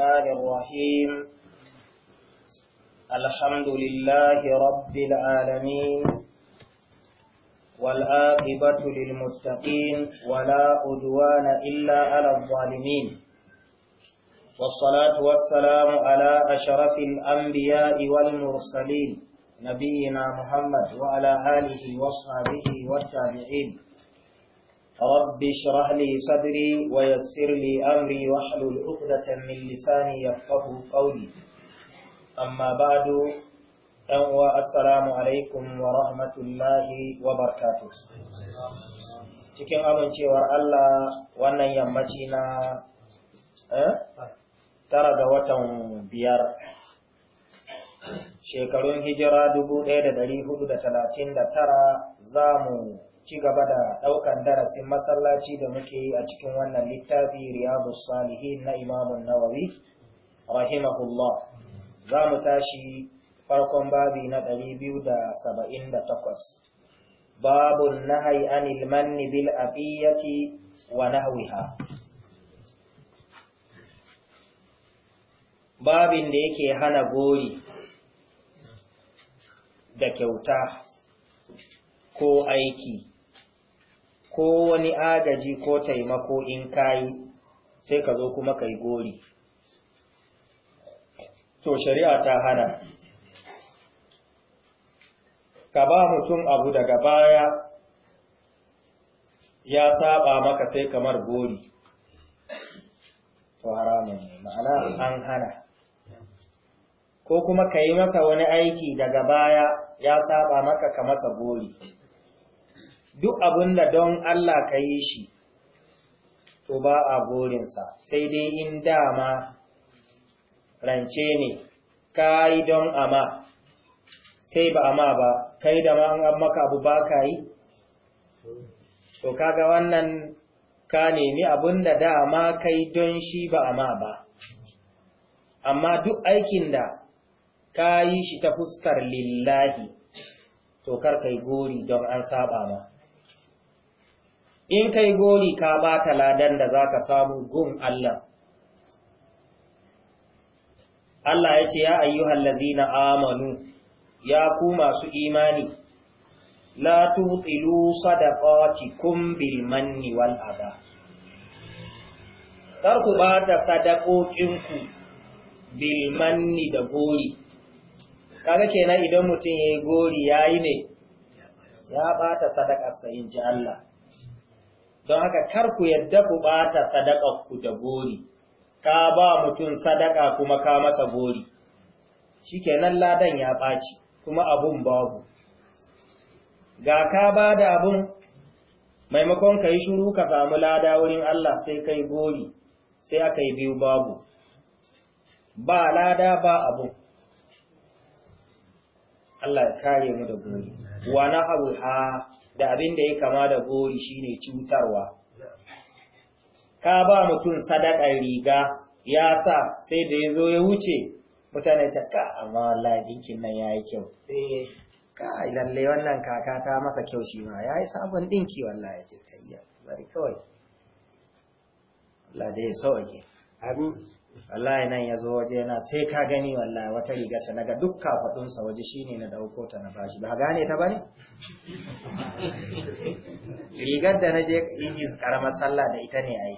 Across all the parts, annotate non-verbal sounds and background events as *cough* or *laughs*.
الرحمن الرحيم الحمد لله رب العالمين والآقبة للمتقين ولا أدوان إلا على الظالمين والصلاة والسلام على أشرف الأنبياء والمرسلين نبينا محمد وعلى آله وصحبه والتابعين رب اشرح لي صدري ويسر لي أمري واحلل عقدة من لساني يفقه قولي أما بعد أنوى السلام عليكم ورحمة الله وبركاته cikin amincewar Allah wannan yammaci na tara ga watan biyar shekarun hijira 1439 za mu ci gaba da ɗaukan darasin masallaci da muke yi a cikin wannan littafi riyadu salihin na imamun nawawi rahimahullah za mu tashi farkon babi na 278 babun nahai anil manni bil abiyati wa nahwiha babin da yake hana gori da kyauta ko aiki ko wani agaji ko taimako in kayi sai ka zo kuma kai gori to shari'a ta hana ka ba mutum abu daga baya ya saba maka sai kamar gori to haramun ne ma'ana an hana ko kuma ka yi masa wani aiki daga baya ya saba maka ka masa gori duk abin da don Allah ka yi shi, to ba a gorinsa, sai dai in dama rance ne, ka yi don ama, sai ba ama ba, kai da ma an maka abu ba ka yi? To kaga wannan ka nemi abin da dama kai don shi ba ama ba, amma duk aikin da ka yi shi ta fuskar lillahi, to kar kai gori don an saba ma. in kai gori ka bata ladan da za ka samu gun Allah. Allah ya ce, Ya ayyuhal lazina amanu, ya ku masu imani, la tutilu sadaqatikum bil manni wal adha. Kar ku bata sadaƙoƙinku bil manni da gori. Kaga kenan idan mutum ya yi gori yayi ne, ya ta sadaqarsa in ji Allah. don haka kar ku yadda ku ɓata ku da gori, ka ba mutum sadaka kuma ka masa gori, shi kenan ladan ya ɓaci kuma abun babu. Ga ka ba da abun maimakon ka yi shuru ka samu lada wurin Allah sai kai gori, sai aka yi biyu babu, ba lada ba abun. Allah ya kare mu da gori, wa na abu ha da abin da ya kama da gori shine cutarwa ka ba mutum sadakar riga ya sa sai da ya zo ya wuce mutane ta ka amma wallahi dinkin nan ya yi kyau eh. kai lalle wannan kaka ta masa kyau shi ma ya yi sabon dinki wallahi ce yi. bari kawai Allah da ya sauke amin wallahi nan ya zo waje yana sai ka gani wallahi wata riga rigarsa naga duk kafaɗunsa waje shine na ɗauko ta na bashi ba gane ta bane rigar da na je ijiz ƙaramar sallah da ita ne ai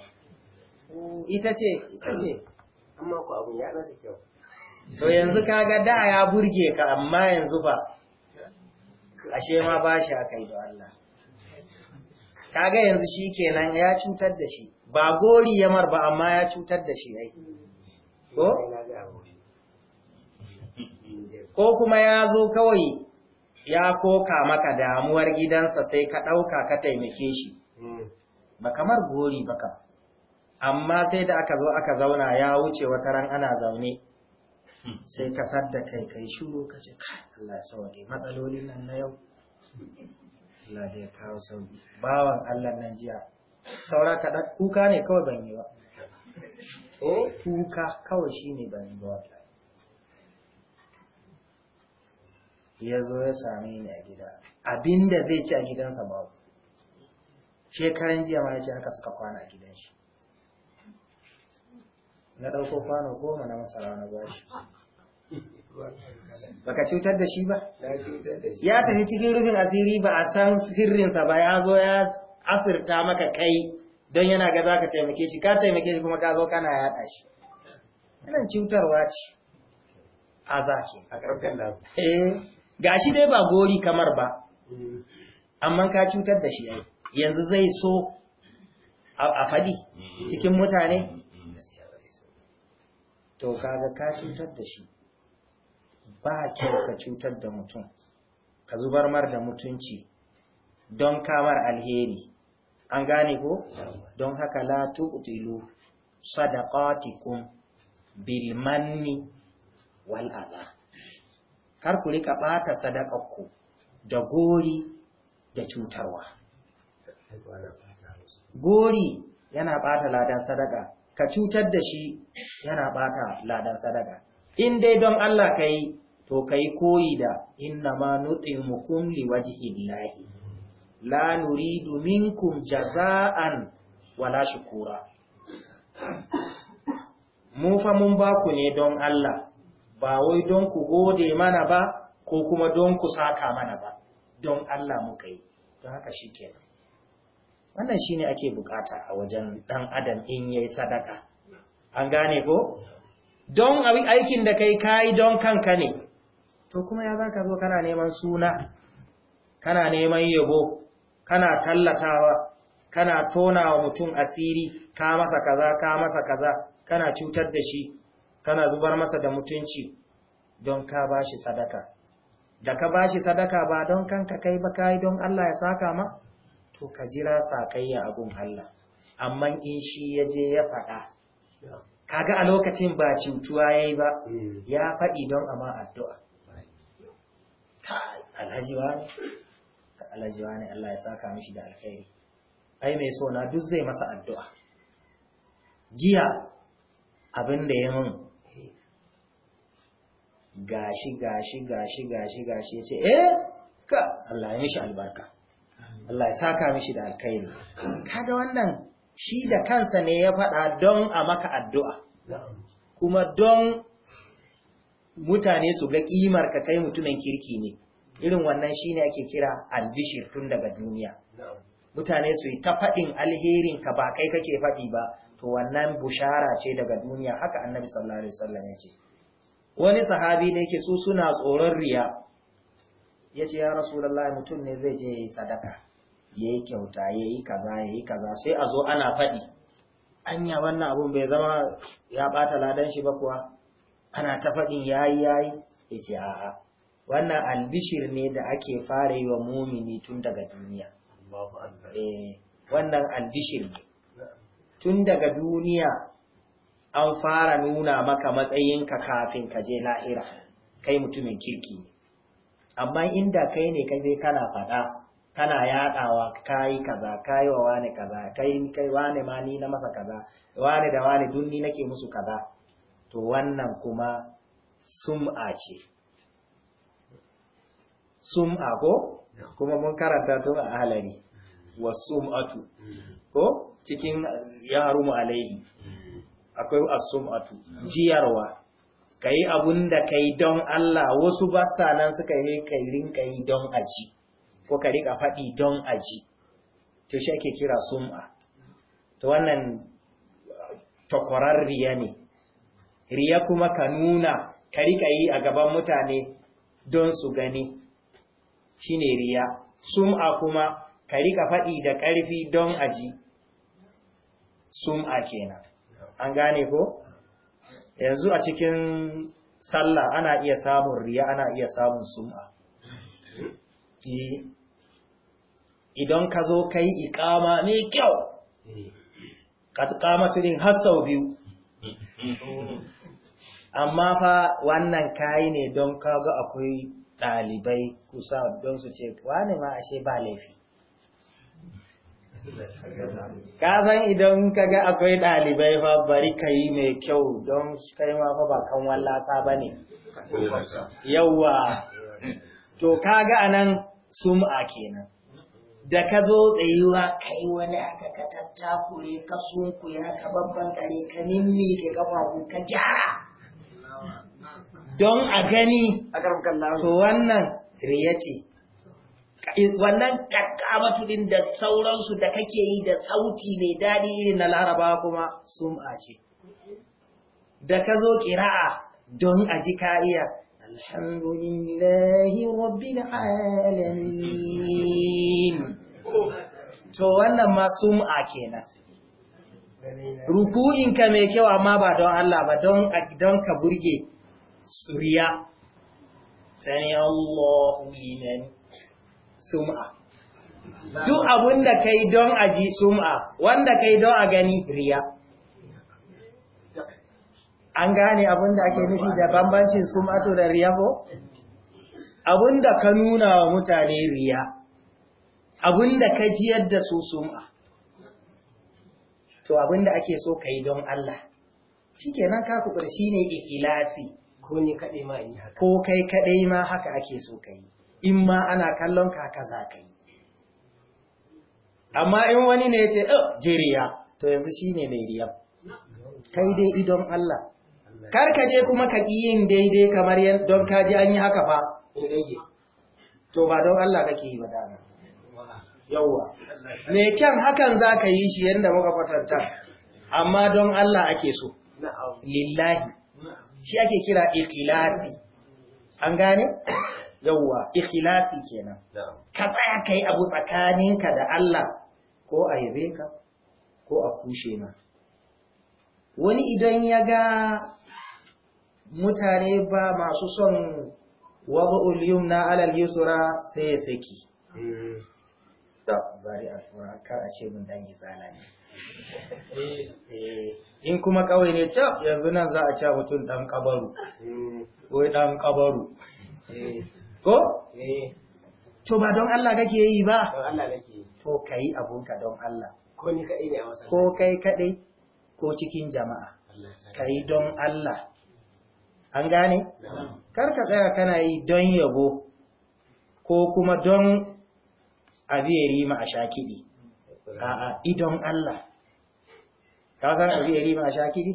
ita ce ita ce amma ku abun ya rasa kyau to yanzu kaga da ya burge ka amma yanzu ba ashe ma bashi akai da Allah ga yanzu shikenan ya cutar da shi ba gori mar ba amma ya cutar da shi ai ko ko kuma ya zo kawai ya koka maka damuwar gidansa sai ka ɗauka ka taimake shi hmm. ba kamar gori ba kam amma sai da aka zo aka zauna ya wuce wata ran ana zaune sai ka sadda kai kai shuru ka ce Allah ya sauke matsalolin nan na yau Allah da ya kawo sauki bawan Allah nan jiya saura ka kuka ne kawai ban yi ba Eh? kuka kawai shi ne ban ba wata ya zo ya same ni a gida abinda zai ci a gidansa babu shekaran jiya ma ya ce haka suka kwana a gidan shi na ɗauko kwano goma na masara na bashi *laughs* baka cutar da shi ba ya tafi cikin rufin asiri ba a san sirrinsa ba ya zo ya asirta maka kai don yana ga za ka taimake shi ka taimake shi kuma ka zo kana yaɗa shi yanan cutarwa ce a zaki a ƙarfin da eh, ga shi dai ba gori kamar ba amma ka cutar da shi yanzu zai so a faɗi cikin mutane to kaga ka cutar da shi ba kyau ka cutar da mutum ka zubar mar da mutunci don kamar alheri an gane ko don haka la tuqtilu sadaqatikum bil manni wal adha kar ku rika bata ku da gori da cutarwa gori yana bata ladan sadaka ka cutar da shi yana bata ladan sadaka in dai don Allah kai to kai koyi da inna ma liwajhi illahi la nuridu minkum jaza'an wala shukura mu fa mun ba ku ne don Allah ba wai don ku gode mana ba ko kuma don ku saka mana ba don Allah muka yi don haka shikenan wannan shine ake bukata a wajen dan adam in yayi sadaka an gane ko don aikin da kai kai don kanka ne to kuma ya zaka zo kana neman suna kana neman yabo kana tallatawa kana tona wa mutum asiri ka masa kaza ka masa kaza kana cutar da shi kana zubar masa da mutunci don ka bashi sadaka da ka bashi sadaka ba don kanka kai ba kai don Allah ya saka ma to ka jira sakayya abun Allah amma in shi ya je ya faɗa kaga a lokacin ba cutuwa yayi ba hmm. ya faɗi don amma addu'a alhaji wani alhaji wani Allah ya saka mishi da alkhairi ai mai so na duk zai masa addu'a jiya abin da ya min gashi gashi gashi gashi gashi ya ce eh ka Allah ya mishi albarka Allah ya saka mishi da alkhairi kaga wannan shi da kansa ne ya faɗa don a maka addu'a kuma don mutane su ga kimar ka kai mutumin kirki ne irin wannan shine ake kira albishir tun daga duniya mutane su yi ta faɗin alherin ka ba kai kake faɗi ba to wannan bushara ce daga duniya haka annabi sallallahu alaihi wasallam ya ce wani sahabi ne yake su suna tsoron riya ya ce ya rasulallah mutum ne zai je ya yi sadaka ya yi kyauta ya yi kaza ya yi kaza sai a zo ana faɗi anya wannan abun bai zama ya ɓata ladan shi ba kuwa ana ta faɗin ya yi ya ya ce a'a wannan albishir ne da ake fara yi wa mumini tun daga duniya eh, wannan albishir ne tun daga duniya an fara nuna maka matsayinka kafin ka je lahira kai mutumin kirki ne amma inda kai ne ka je kana faɗa kana yaɗawa kayi kaza kayi wa wani kaza kai kai wani ma ni na masa kaza wani da wani dunni nake musu kaza to wannan kuma sum'a ce sum'a ko kuma mun karanta tun a halari mm. wa sum'atu mm. ko cikin yaro mu alaihi mm. akwai as-sum'atu jiyarwa kai abun da kai don Allah wasu basa nan suka yi kai rinka yi don aji ko ka rika faɗi don aji to shi ake kira sum'a to wannan takwarar riya ne riya kuma ka nuna ka rika yi a gaban mutane don su gani shine riya sum'a kuma ka rika faɗi da ƙarfi don aji sum'a kenan an gane ko yanzu a cikin sallah ana iya samun riya ana iya samun sum'a eh. idan ka zo ka yi ikama mai kyau ka kama turin har sau biyu amma fa wannan kayi ne don kaga akwai ɗalibai kusa don su ce wane ma ashe ba laifi ka san idan kaga akwai ɗalibai fa bari ka yi mai kyau don kai ma fa ba kan wallasa ba ne yauwa to kaga anan sum'a kenan da ka zo tsayuwa ka yi wani aka ka tattakure ka ya ka babban kare ka mimmi ka ku ka gyara don a gani to wannan riya ce wannan kakkamatu tudin da sauransu da kake yi da sauti mai daɗi irin na laraba kuma a ce da ka zo ƙira'a don a ji ka'iya alhamdulillahi rabbil alamin to wannan ma sum'a kenan ruku'inka mai kyau amma ba don Allah ba don ka burge suriya sani Allah liman sum'a duk abinda da kai don a ji sum'a wanda kai don a gani riya an gane abinda da ake nufi da bambancin suma to da riya ko abun da ka nuna wa mutane riya abun da ka ji yadda su sum'a to abinda da ake so kai don Allah shikenan ka kubar ne ikhlasi ko ni kaɗai ma yi haka ko kai kaɗai ma haka ake so ka yi in ma ana kallon ka haka za ka yi amma in wani ne ya ce oh jiriya to yanzu shi ne mai riya kai dai idon Allah Kar ka je kuma ka ƙi yin daidai kamar yan don ka ji an yi haka fa to ba don Allah kake yi ba dama yawwa me kyan hakan za ka yi shi yadda muka kwatanta amma don Allah ake so lillahi shi ake kira ikhlasi an gane yawwa ikhlasi kenan ka tsaya kai abu tsakaninka da Allah ko a yabe ka ko a kushe ma wani idan ya ga mutane ba masu son wadda'ul yumna alal yusra sai ya saki da mm. bari kar a ce mun dangi izala eh, eh. in kuma kawai ne ta yanzu nan za a ca mutum ɗan ƙabaru wai ɗan ƙabaru ko? to ba don Allah kake yi ba to ka yi abunka don Allah ko kai kaɗai ko cikin jama'a ka yi don Allah an gane? kar ka tsaya kana yi don yabo ko kuma don abiyari ma a sha kiɗi a idon Allah ka san abi yari ba shakiri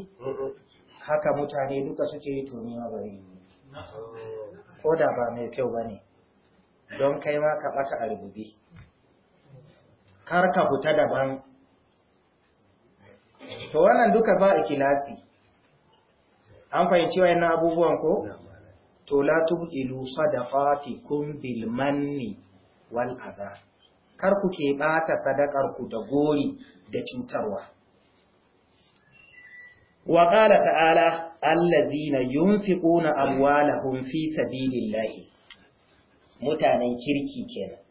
haka mutane duka suke yi tomi ma bari ko da ba mai kyau ba ne. don kai ma ka ɓata a rububi kar ka fita daban to wannan duka ba a kilasi. an fahimci yana abubuwan ko to la tubdilu sadaqatikum bil manni wal adha kar ku ke bata sadakar ku da gori da cutarwa wa qala ta'ala allazina yunfiquna amwalahum fi sabilillahi mutanen kirki kenan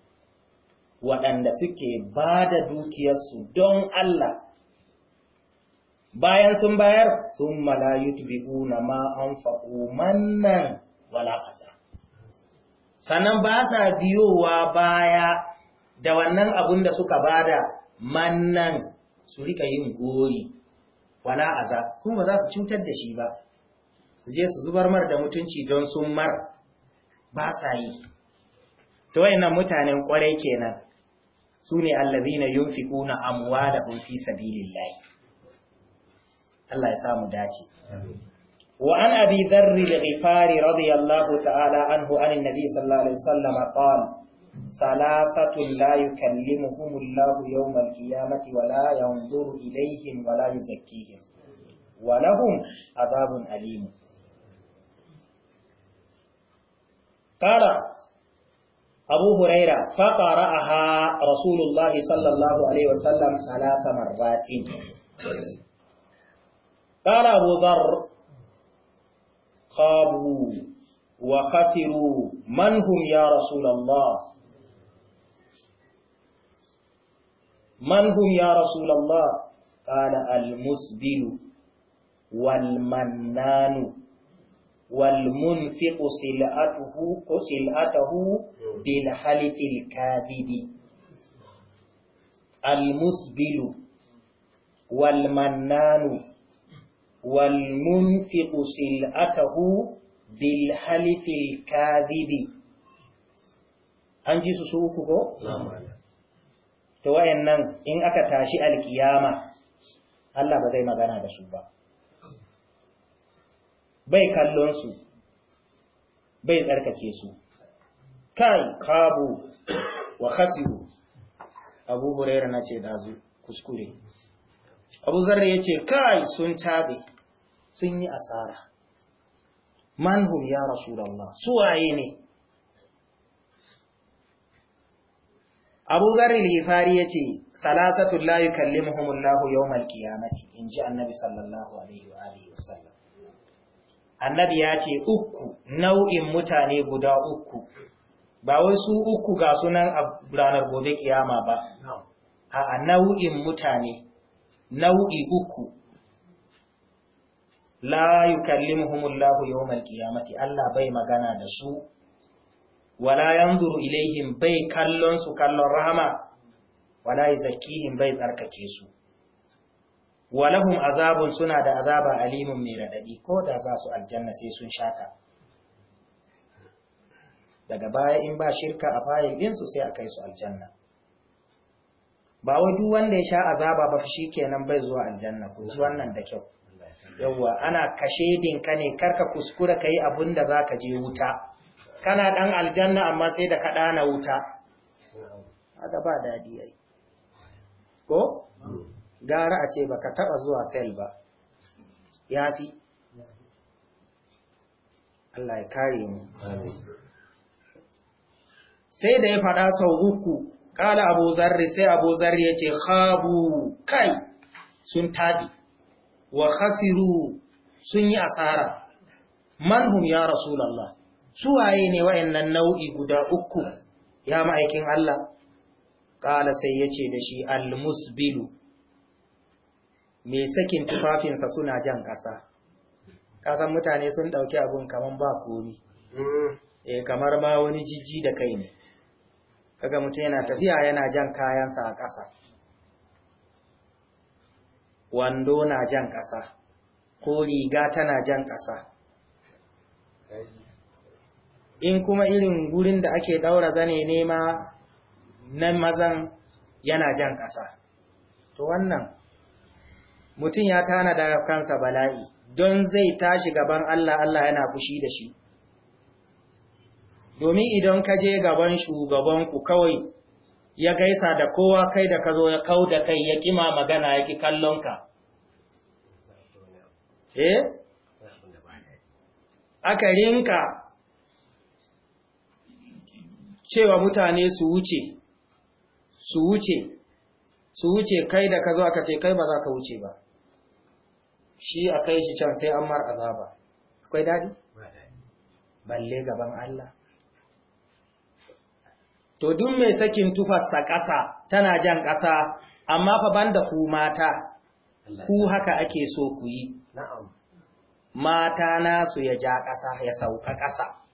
waɗanda suke bada dukiyarsu don Allah bayan sun bayar sun malayut na ma an mannan wala ƙasa sannan ba sa biyowa baya da wannan abun da suka bada mannan su rika yin goyi wala aza kuma za su cutar da shi ba su je su zubar mar da mutunci don sun mar ba sa yi to wayannan mutanen kwarai kenan su ne amuwa da amwalahum fi sabilillah Allah ya samu dace wa an abi dharr al-ghifari radiyallahu ثلاثة لا يكلمهم الله يوم القيامة ولا ينظر إليهم ولا يزكيهم ولهم عذاب أليم قال أبو هريرة فقرأها رسول الله صلى الله عليه وسلم ثلاث مرات قال أبو ذر خابوا وخسروا من هم يا رسول الله man hum ya rasulallah qala al-musbilu wal mannanu wal munfiqu silatuhu ko silatuhu bil halifil kadhibi al musbilu wal mannanu wal munfiqu silatuhu bil halifil kadhibi an su su uku ta wayannan in aka tashi alkiyama Allah ba zai magana da su ba bai kallon bai tsarkake su kai kabu wa khasiru abu huraira na ce dazu kuskure abu zarra ya ce kai sun tabe sun yi asara manhum ya Su suwaye ne Abu Zarri Lifari ya ce, Salasatun layu kalli lahu yau mati in ji annabi sallallahu Alaihi wa Alaihi wasallam. Annabi ya ce, Uku, nau'in mutane guda uku, ba wai su uku ga sunan ranar gobe kiyama ba, a nau'in mutane, nau'i uku. La yi kalli lahu yau mati Allah bai magana da su wala yanzuru ilaihim bai kallon su kallon rahama wala in bai tsarkake su walahum azabun suna da azaba alimun mai raɗaɗi, ko da za su aljanna sai sun shaka daga baya in ba shirka a fayil ɗinsu sai a kai su aljanna ba wai duk wanda ya sha azaba ba shi kenan bai zuwa aljanna ku ji wannan da kyau yawwa ana kashe dinka ne karka kuskura yi abun da za ka je wuta kana ɗan aljanna amma sai da kaɗa na wuta haka ba daɗi ai ko gara a ce ba ka taɓa zuwa sel ba ya Allah ya kare mu sai da ya faɗa sau uku kala abu zarri sai abu zarri ya ce kai sun taɓi wa khasiru sun yi asara manhum ya rasulallah su waye ne wayannan nau'i guda uku ya ma'aikin Allah Ƙala sai yace da shi almusbilu mai sakin tufafinsa suna jan ƙasa kasan mutane sun ɗauki abin kaman ba komi eh kamar ma wani jijji da kai ne kaga mutum yana tafiya yana jan kayansa a ƙasa wando na jan ƙasa ko riga tana jan ƙasa in kuma irin gurin da ake daura zane nema na mazan yana jan ƙasa to wannan mutum ya tana da kansa bala'i don zai tashi gaban Allah Allah yana fushi da shi domin idan ka je gaban shugabanku kawai ya gaisa da kowa kai da ka zo ya kau da kai ya kima magana ya ki kallonka eh Akarinka cewa mutane su wuce su wuce su wuce kai da ka zo aka ce kai ba za ka wuce ba shi a kai shi can sai an mar azaba akwai daɗi? balle gaban Allah to duk mai sakin tufarsa ƙasa tana jan ƙasa amma fa banda ku mata ku haka ake so ku yi mata nasu ya ja ƙasa ya sauka ƙasa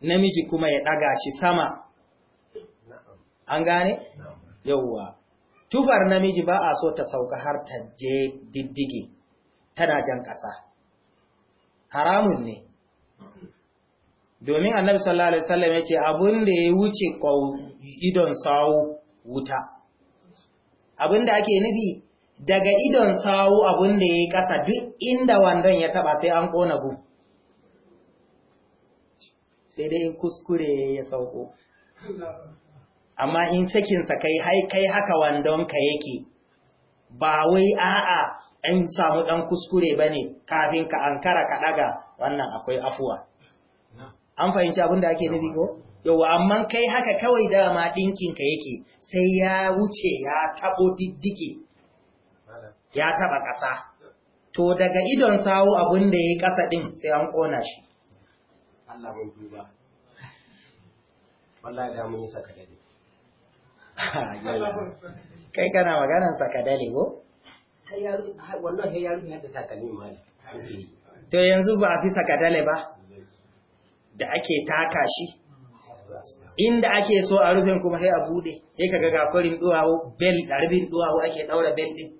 namiji kuma ya ɗaga shi sama an gane? Yawwa. tufar namiji ba a so ta sauka har ta je diddige tana jan ƙasa haramun ne domin annabi sallallahu alaihi wasallam ya ce abin da ya wuce idon sawu wuta abin da ake nufi daga idon sawu abin da ya yi ƙasa duk inda wandon ya taba sai an ƙona gun sai dai kuskure ya sauko amma in sakinsa kai kai haka wandon ka yake ba wai a'a an samu ɗan kuskure ba ne kafin ka ankara ka ɗaga wannan akwai afuwa an fahimci abin da ake nufi ko? yau amma kai haka kawai dama ɗinkinka yake sai ya wuce ya taɓo diddike ya taɓa ƙasa to daga idon sawo abin da ya yi ƙasa ɗin sai an ƙona shi Allah mun duba wallahi da mun yi sakadale kai kana maganar sakadale ko yaro wallahi yaro ya da takalmi mali to yanzu ba a fi sakadale ba da ake taka shi inda ake so a rufin kuma sai a bude sai kaga gafarin duwawo bel darbin duwawo ake daura bel din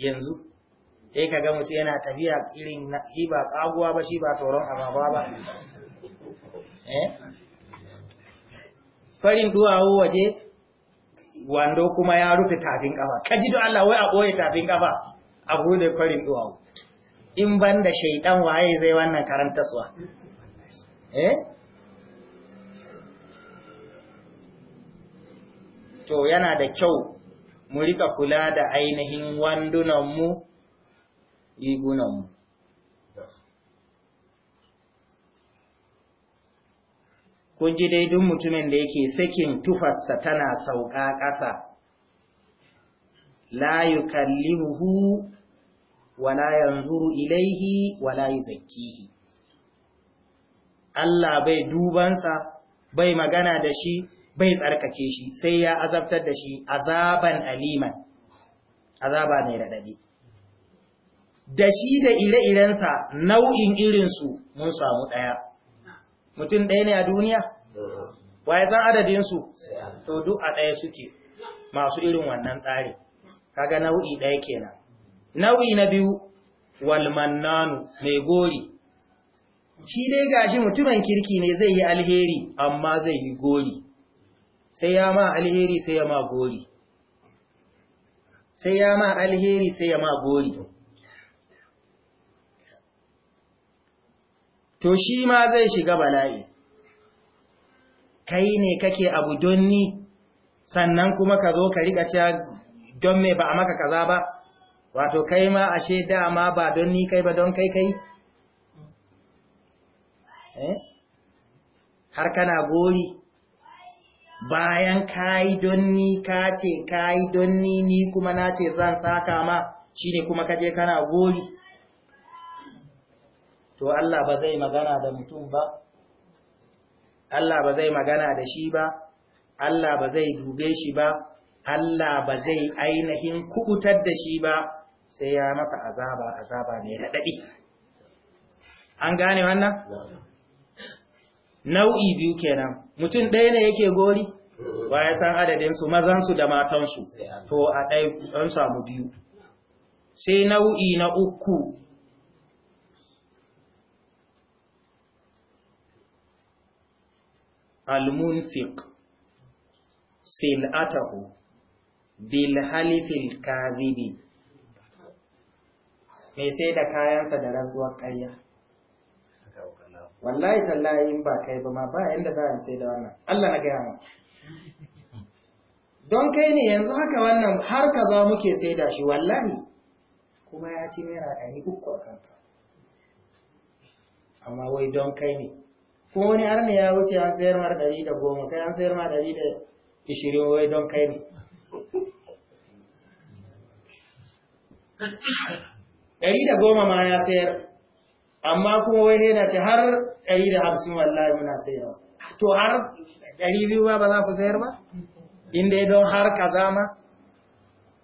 yanzu sai ka ga mutu yana tafiya irin shi ba ƙaguwa ba shi ba tauron ababa ba eh? farin duwawo waje wando kuma ya rufe tafin ƙafa, ka ji don Allah wai a ɓoye tafin ƙafa a bude farin duwawo in ban da shaidan waye zai wannan karantaswa eh? to yana da kyau mu rika kula da ainihin wandunanmu rigunanmu. Kun ji dai duk mutumin da yake sakin tufarsa tana sauka ƙasa, la yi wala yanzuru ilaihi, wala yi zakihi. Allah bai dubansa, bai magana da shi, bai tsarkake shi, sai ya azabtar da shi azaban aliman, azaba mai raɗaɗi. da shi da ire-irensa nau'in irinsu mun samu ɗaya. Mutum ɗaya ne a duniya? Waye zan adadinsu? To duk a ɗaya suke masu irin wannan tsari, kaga nau'i ɗaya kenan. Nau'i na biyu, walmannanu mai gori. Shi dai gashi mutumin kirki ne zai yi alheri, amma zai yi gori. Sai ya ma alheri sai ya ma gori. Sai ya ma alheri sai ya ma gori. to shi ma zai shiga bala'i kai ne kake abu don ni sannan kuma ka zo ka riƙa cewa don me ba a maka kaza ba wato kai ma ashe ma ba don ni kai ba don kai kai eh har kana gori bayan kai don ni ka ce kai don ni ni kuma na ce zan saka ma shine kuma kaje kana gori to Allah ba zai magana da mutum ba Allah ba zai magana da shi ba Allah ba zai dube shi ba Allah ba zai ainihin kubutar da shi ba sai ya masa azaba azaba mai raɗaɗi an gane wannan nau'i biyu kenan mutum ɗaya ne yake gori wa ya san adadinsu mazansu da matansu to a ɗai an samu biyu sai nau'i na uku المنفق سنعته sil'atahu الكاذب mai sai da kayansa da rantsuwar ƙarya wallahi tallahi ba kai ba ma ba yanda za a sai da wannan Allah na gaya ma don kai ne yanzu haka wannan har ka za muke sai da shi wallahi kuma ya ci naira ɗari uku a kanka amma wai don kai ne Kuma wani har ne ya wuce an sayar mar ɗari da goma kai an sayar ma ɗari da ishirin wai don kai ne ɗari da goma ma ya sayar amma kuma wai yana ce har ɗari da hamsin wallahi muna sayarwa to har ɗari biyu ba ba za ku sayar ba inda ya don har kaza ma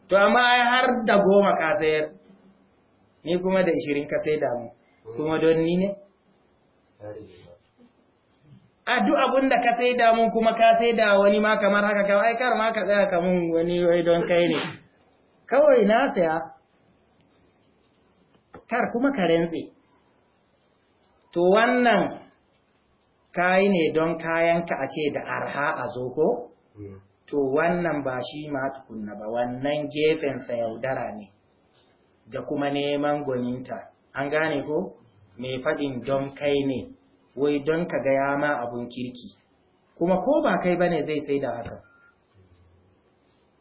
to amma ai har da goma ka sayar ni kuma da ishirin ka sai damu kuma don ni ne a duk abin da ka sai da mun kuma ka sai da wani ma kamar haka kawai kar ma ka tsaya ka mun wani wai don kai ne kawai na saya kar kuma ka rentse to wannan kai ne don kayanka a ce da arha a zo ko mm. to wannan ba shi ma tukunna ba wannan gefen sa yaudara ne da kuma neman gwaninta an gane ko Me faɗin don kai ne wai don ka ga ya ma abun kirki kuma ko ba kai bane zai sai da haka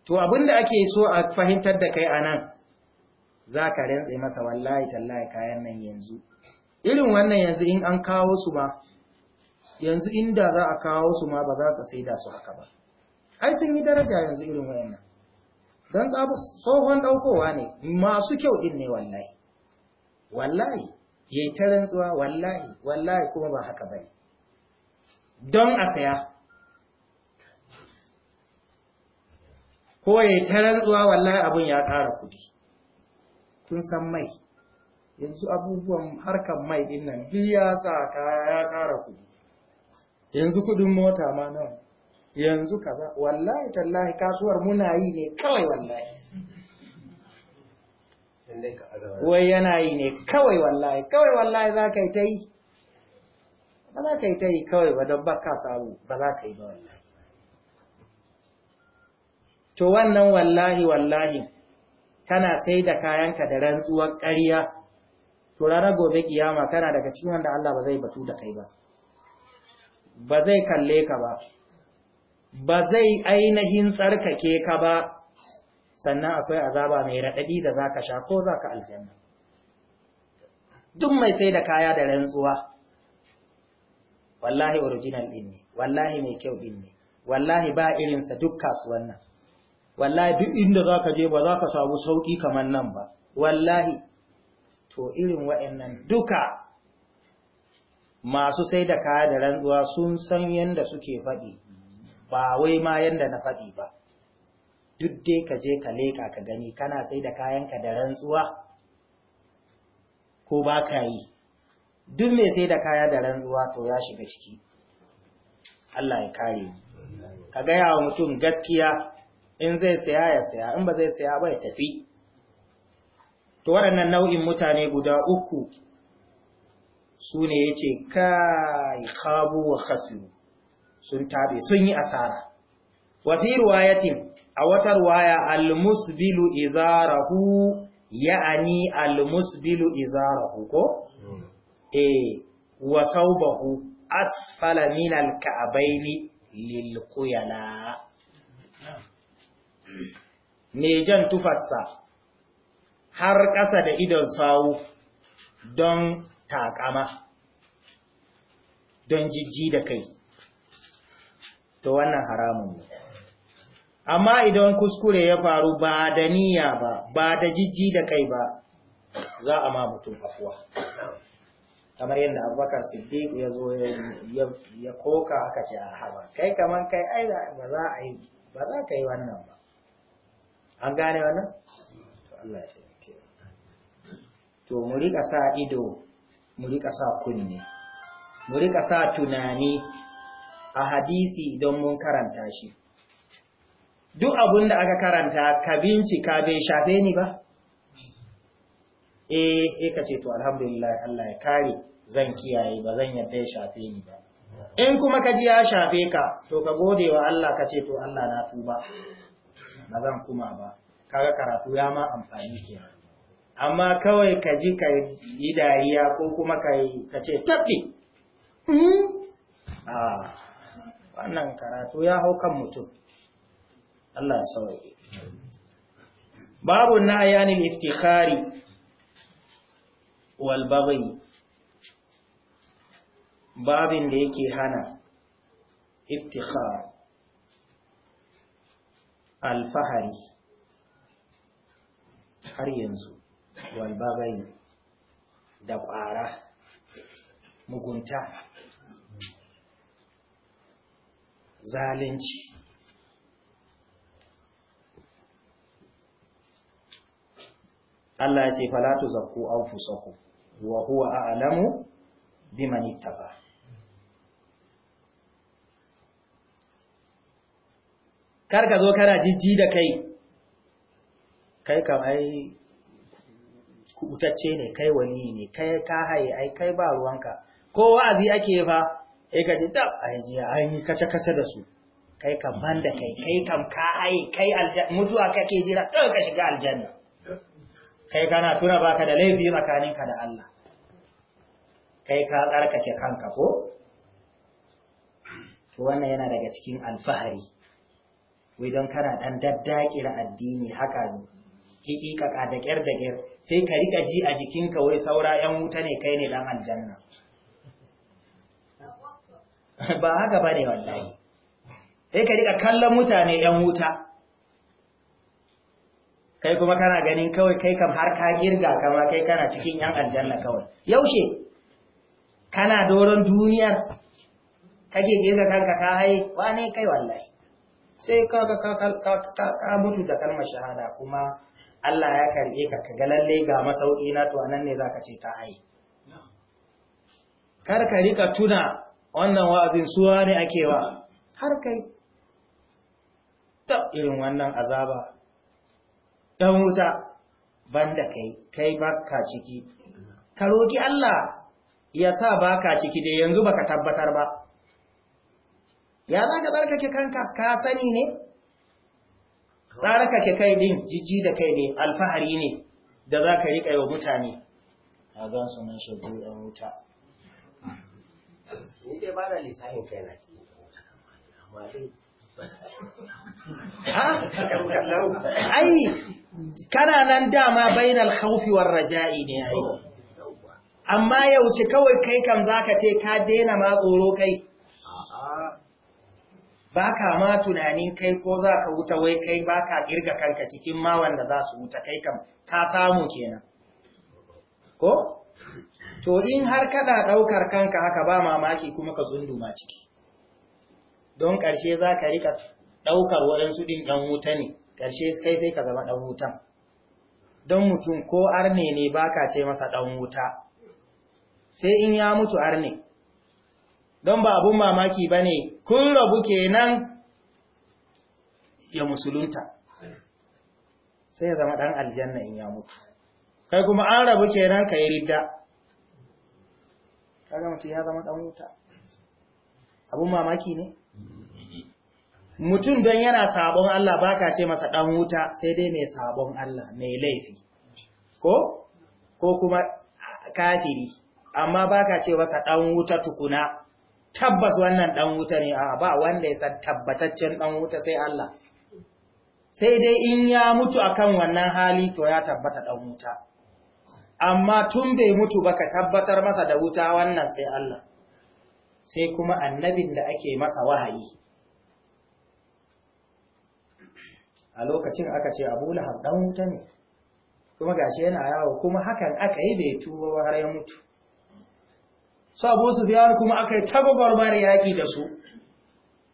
to abinda ake so a fahimtar da kai anan za ka rantse masa wallahi tallahi kayan nan yanzu irin wannan yanzu in an kawo su ma yanzu inda za a kawo su ma ba za ka sai da su haka ba ai sun yi daraja yanzu irin wayannan don tsohon daukowa ne masu kyau din ne wallahi wallahi ya yi ta rantsuwa wallahi wallahi kuma ba haka bane don a saya ko ya yi ta rantsuwa wallahi abin ya ƙara kuɗi kun san mai yanzu abubuwan harkar mai din nan biya sa kaya ya ƙara kuɗi yanzu kuɗin mota ma nan yanzu kaza wallahi tallahi kasuwar muna yi ne kawai wallahi wai yana yi ne kawai wallahi kawai wallahi za ka yi ta yi ba za ka yi ta yi kawai ba don ba ka samu ba za ka yi ba wallahi to wannan wallahi wallahi kana sai da kayanka da rantsuwar ƙarya to ranar gobe kiyama kana daga cikin wanda Allah ba zai batu da kai ba ba zai kalle ka ba ba zai ainihin tsarkake ka ba sannan akwai azaba mai raɗaɗi da zaka sha ko zaka aljanna duk mai sai da kaya da rantsuwa wallahi original din ne wallahi mai kyau din ne wallahi ba irinsa duk kasuwan wallahi duk inda zaka je ba zaka samu sauki kamar nan ba wallahi to irin wa'annan duka masu sai da kaya da rantsuwa sun san yanda suke faɗi ba wai ma yanda na faɗi ba duk dai ka je ka leka ka gani kana sai da kayanka da rantsuwa ko ba ka yi duk mai sai da kaya da rantsuwa to ya shiga ciki Allah ya kare ka gaya wa mutum gaskiya in zai saya ya saya in ba zai saya ba ya tafi to waɗannan nau'in mutane guda uku su ne ya ce kai khabu wa khasiru sun tabe sun yi asara wa fi riwayatin a wata ruwaya almusbilu izarahu ya'ani almusbilu izarahu ko hmm. eh wa saubahu asfala min al-ka'abairi, alka'baini lilquyala me jan tufarsa har ƙasa da idon sawu don takama don jijji da kai to wannan haramun ne amma idan kuskure ya faru ba da niyya ba ba da jijji da kai ba za a ma mutum afuwa kamar yadda abubakar siddiq ya zo ya koka aka ce a haɓa kai kamar kai ai ba za a yi ka yi wannan ba an gane wannan to Allah ya taimake to mu rika sa ido mu rika sa kunne mu rika sa tunani a hadisi don mun karanta shi duk abin da aka karanta ka bincika bai shafe ni ba eh eh ka ce to alhamdulillah Allah ya kare zan kiyaye ba zan yadda ya shafe ni ba in kuma ka ji ya shafe ka to ka gode wa Allah ka ce to Allah na tuba ba zan kuma ba kaga karatu ya ma amfani kenan amma kawai ka ji ka yi dariya ko kuma ka ce taɓi hmm? ah, wannan karatu ya hau kan mutum Allah sauke babu na yanin iftikhari wal babin da yake hana iftikar alfahari har yanzu walbabai da ƙwara mugunta zalunci Allah ya ce Falatu zakku tuzakku fusaku wa huwa a'lamu biman ittaba kar ka zo kana jijji da kai kai ai kubutacce ne kai wani ne kai ka haye ai kai ba ruwanka ko wa'azi ake fa eh ka ji dab ai ji ai ni kace kace da su kai kam ban da kai kai kam ka haye kai aljanna mutuwa kake jira kai ka shiga aljanna kai kana tura baka da laifi tsakaninka da Allah kai ka tsarkake kanka ko to wannan yana daga cikin alfahari wai don kana dan daddakira addini haka hakika ka da kyar da kyar sai ka rika ji a jikinka wai saura yan wuta ne kai ne dan aljanna ba haka bane wallahi sai ka rika kallon mutane yan wuta kai kuma kana ganin kawai kai kam har ka girga kama kai kana cikin yan aljanna kawai yaushe kana doron duniyar kake girga kanka ka haye wane kai wallahi sai ka ka mutu da kalmar shahada kuma Allah ya karbe ka ka ga lalle ga masauki na to anan ne zaka ce ka haye kar ka rika tuna wannan wa'azin suwa ne akewa har kai ta irin wannan azaba ɗan wuta banda kai kai baka ciki ka roki Allah ya sa baka ciki da yanzu baka tabbatar ba ya za ka tsarkake kanka ka sani ne tsarkake kai din jijji da kai ne alfahari ne da za ka riƙa wa mutane a gan su nan shagu ɗan wuta ai kana nan dama bainal khawfi war raja'i ne ai amma yaushe kawai kai kam zaka ce ka daina ma tsoro kai baka ma tunanin kai ko zaka wuta wai kai baka girga kanka cikin ma wanda za su wuta kai kam ka samu kenan ko to in har kana daukar kanka haka ba mamaki kuma ka zunduma ciki don ƙarshe zaka ka rika ɗaukar waɗansu ɗin ɗan wuta ne ƙarshe kai sai ka zama ɗan wutan don mutum ko arne ne baka ce masa ɗan wuta sai in ya mutu arne don ba abun mamaki ba ne kun rabu kenan ya musulunta sai ya zama ɗan aljanna in ya mutu kai kuma an rabu kenan ka yi ridda kaga mutum ya zama ɗan wuta abun mamaki ne mutum don yana sabon Allah baka ce masa ɗan wuta sai dai mai sabon Allah mai laifi ko ko kuma kafiri amma baka ce masa ɗan wuta tukuna tabbas wannan ɗan wuta ne a ba wanda ya san tabbataccen ɗan wuta sai Allah sai dai in ya mutu a kan wannan hali to ya tabbata ɗan wuta amma tun bai mutu ba ka tabbatar masa da wuta wannan sai Allah sai kuma annabin da ake masa wahayi a lokacin aka ce abu lahab dan wuta ne kuma gashi yana yawo kuma hakan aka yi bai tuba ba har ya mutu su abu su biyar kuma aka yi tagogarmar yaƙi da su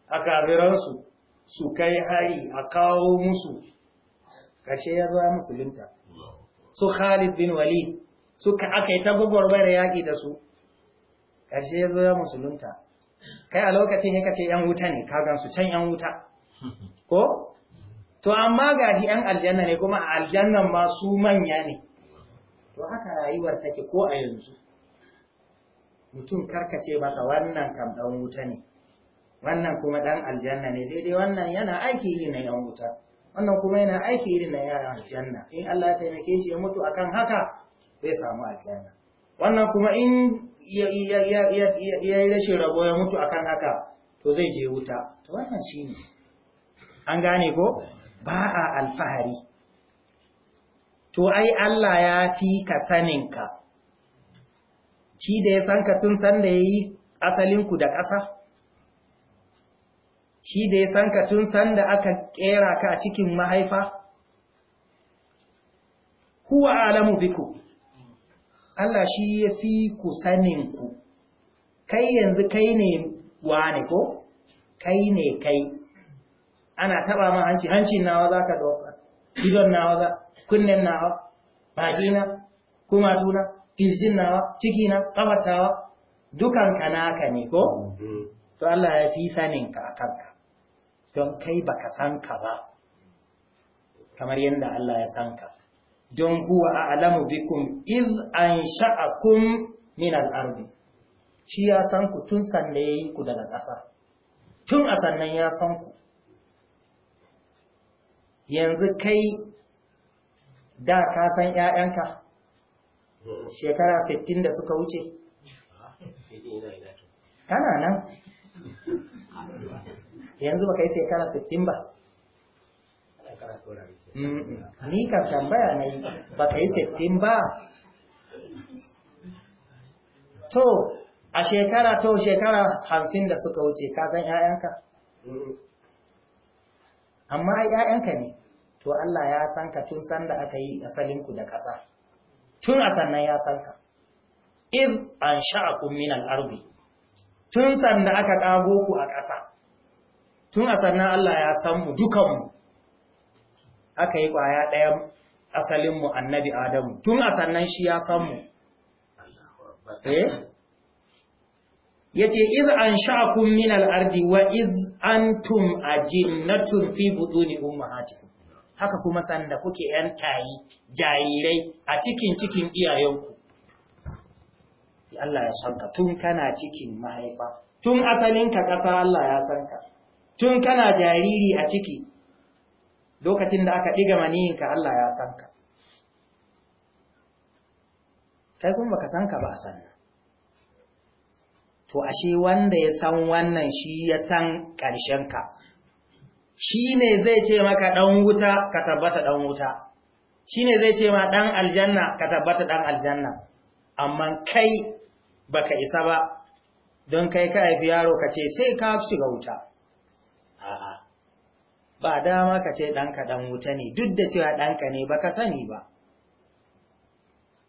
a kafiransu su kai hari a kawo musu gashi ya zo ya musulunta su khalid bin walid ka aka yi tagogarmar yaƙi da su gashi ya zo ya musulunta kai a lokacin yaka ce yan wuta ne kagan su can yan wuta ko to amma shi ‘yan aljanna ne kuma aljannan ma su manya ne to haka rayuwar take ko a yanzu mutum karkace masa wannan kam ɗan wuta ne wannan kuma ɗan aljanna ne daidai dai wannan yana aiki irin na ‘yan wuta wannan kuma yana aiki irin na ‘yan aljanna in Allah ya taimake shi ya mutu akan haka zai samu aljanna wannan kuma in ya yi rashin rabo ya mutu akan haka to zai je wuta to wannan shi ne an gane ko ba a alfahari to ai Allah ya fi ka saninka shi da ya san ka tun san da ya yi asalinku da ƙasa shi da ya san ka tun san da aka ƙera ka a cikin mahaifa Kuwa alamu biku Allah shi ya fi ku saninku kai yanzu kai ne ne ko kai ne kai ana taba ma hanci Hanci nawa za ka ɗauka idon nawa za kunnen nawa bakina kumatuna kirjin nawa ciki na ƙafatawa dukan ka ne ko to Allah ya fi sanin ka akanka don kai baka san ka ba kamar yadda Allah ya san ka don huwa a'lamu bikum iz ansha'akum min al-ardi shi ya san ku tun sanne yayi ku daga ƙasa tun a sannan ya san ku yanzu kai da ka san ‘ya'yanka shekara 60 da suka wuce kana nan yanzu ba kai shekara 60 ba ni kan tambaya na yi ba kai 60 ba to a shekara to shekara 50 da suka wuce ka san ‘ya'yanka amma ai ‘ya'yanka ne to Allah ya san ka tun san da aka yi asalinku da ƙasa tun a sannan ya san ka iz an sha'akum min al-ardi tun san da aka kago ku a ƙasa tun a sannan Allah ya san mu dukan mu aka yi kwaya daya asalin mu annabi Adamu tun a sannan shi ya san mu eh? yace iz an sha'akum min al-ardi wa iz antum ajinnatun fi buduni ummahatikum haka kuma sanda kuke ‘yan tayi jarirai a cikin cikin iyayenku. Allah ya sanka tun kana cikin mahaifa, tun asalinka ƙasa Allah ya sanka, tun kana jariri a ciki, lokacin da aka ɗiga maniyinka Allah ya sanka. Kai kuma baka sanka ba san To, ashe wanda ya san wannan shi ya san ƙarshenka. shi ne zai ce maka ɗan wuta ka tabbata ɗan wuta shi ne zai ce ma ɗan aljanna ka tabbata ɗan aljanna amma kai baka isa ba don kai ka haifi yaro ka ce sai ka shiga wuta a'a ba dama ka ce ɗanka ɗan wuta ne duk da cewa ɗanka ne baka sani ba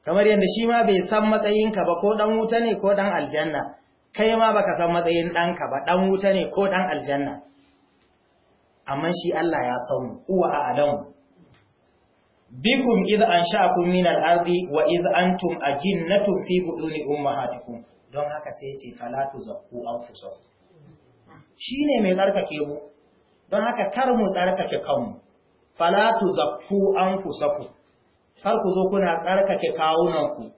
kamar yadda shi ma bai san matsayinka ba ko ɗan wuta ne ko ɗan aljanna kai ma baka san matsayin ɗanka ba ɗan wuta ne ko ɗan aljanna amma shi Allah ya san a a'lamu bikum id ansha'akum min al-ardi wa id antum ajinnatun fi buduni ummahatikum don haka sai yace falatu fala tuzakku anfusakum shine mai tsarkake mu don haka kar mu tsarkake kanmu fala an anfusakum kar ku zo kuna tsarkake kawunanku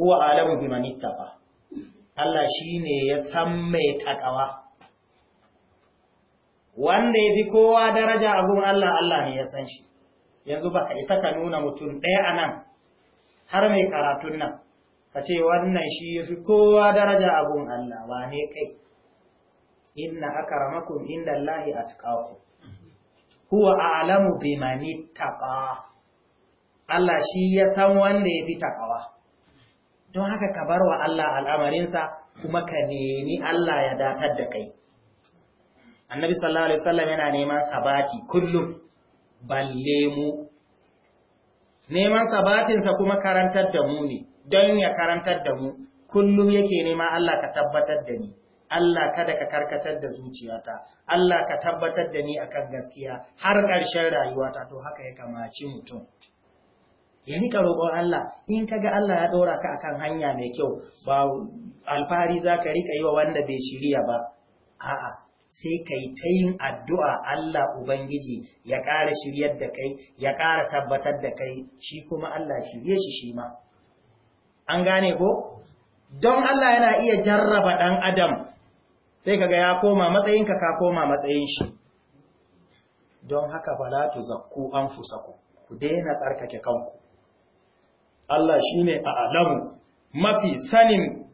huwa alamu bimanittaqa Allah shine ya san mai takawa wanda ya fi kowa daraja a gun Allah Allah ne ya san shi yanzu ba ka isa ka nuna mutum ɗaya a nan har mai karatun nan ka ce wannan shi ya fi kowa daraja a gun Allah ba ne kai inna aka ramakun inda Allah ya huwa a alamu bimani taɓa Allah shi ya san wanda ya fi taƙawa don haka ka bar wa Allah al'amarinsa kuma ka nemi Allah ya datar da kai annabi sallallahu alaihi wasallam yana neman sabati kullum balle mu neman sabatinsa kuma karantar da mu ne don ya karantar da mu kullum yake nema Allah ka tabbatar da ni Allah kada ka karkatar da zuciyata Allah ka tabbatar da ni akan gaskiya har ƙarshen rayuwata to haka ya kamaci mutum ya ka roƙo Allah in kaga Allah ya ɗora ka akan hanya mai kyau ba alfahari za ka rika yi wa wanda bai shirya ba a'a sai ka yi ta yin addu'a Allah Ubangiji ya ƙara shiryar da kai, ya ƙara tabbatar da kai, shi kuma Allah shirye shi shi ma. An gane ko? Don Allah yana iya jarraba ɗan Adam, sai kaga ya koma matsayinka ka koma matsayin shi. Don haka falatu zakku an fusaku, ku daina tsarkake kanku. Allah shi ne a alamu mafi sanin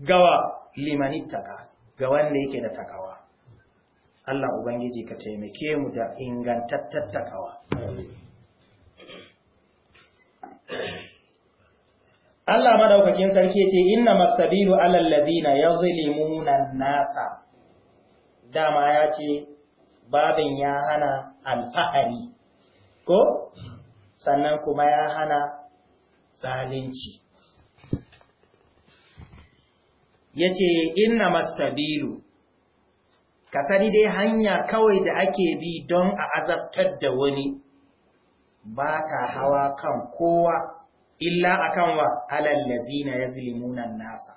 gawa limanitaka ga wanda yake da takawa Allah Ubangiji ka taimake mu da ingantattar takawa Allah madaukakin sarki ce inna masabilu alal ladina yuzlimuna nasa dama ya ce babin ya hana alfahari ko sannan kuma ya hana zalunci yace inna masabilu ka sani dai hanya kawai da ake bi don a azabtar da wani ba ka hawa kan kowa illa akan wa alallazina yazlimuna nasa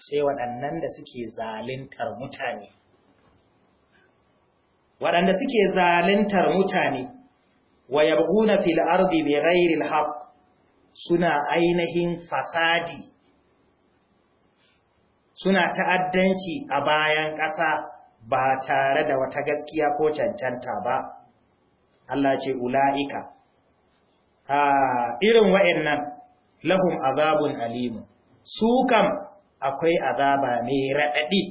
sai waɗannan da suke zalintar mutane waɗanda suke zalintar mutane wa fil ardi bighairi alhaq suna ainihin fasadi suna ta'addanci a bayan ƙasa ba tare da wata gaskiya ko cancanta ba Allah ce ula'ika a irin wa'annan lahum azabun alimu su kam akwai azaba mai raɗaɗi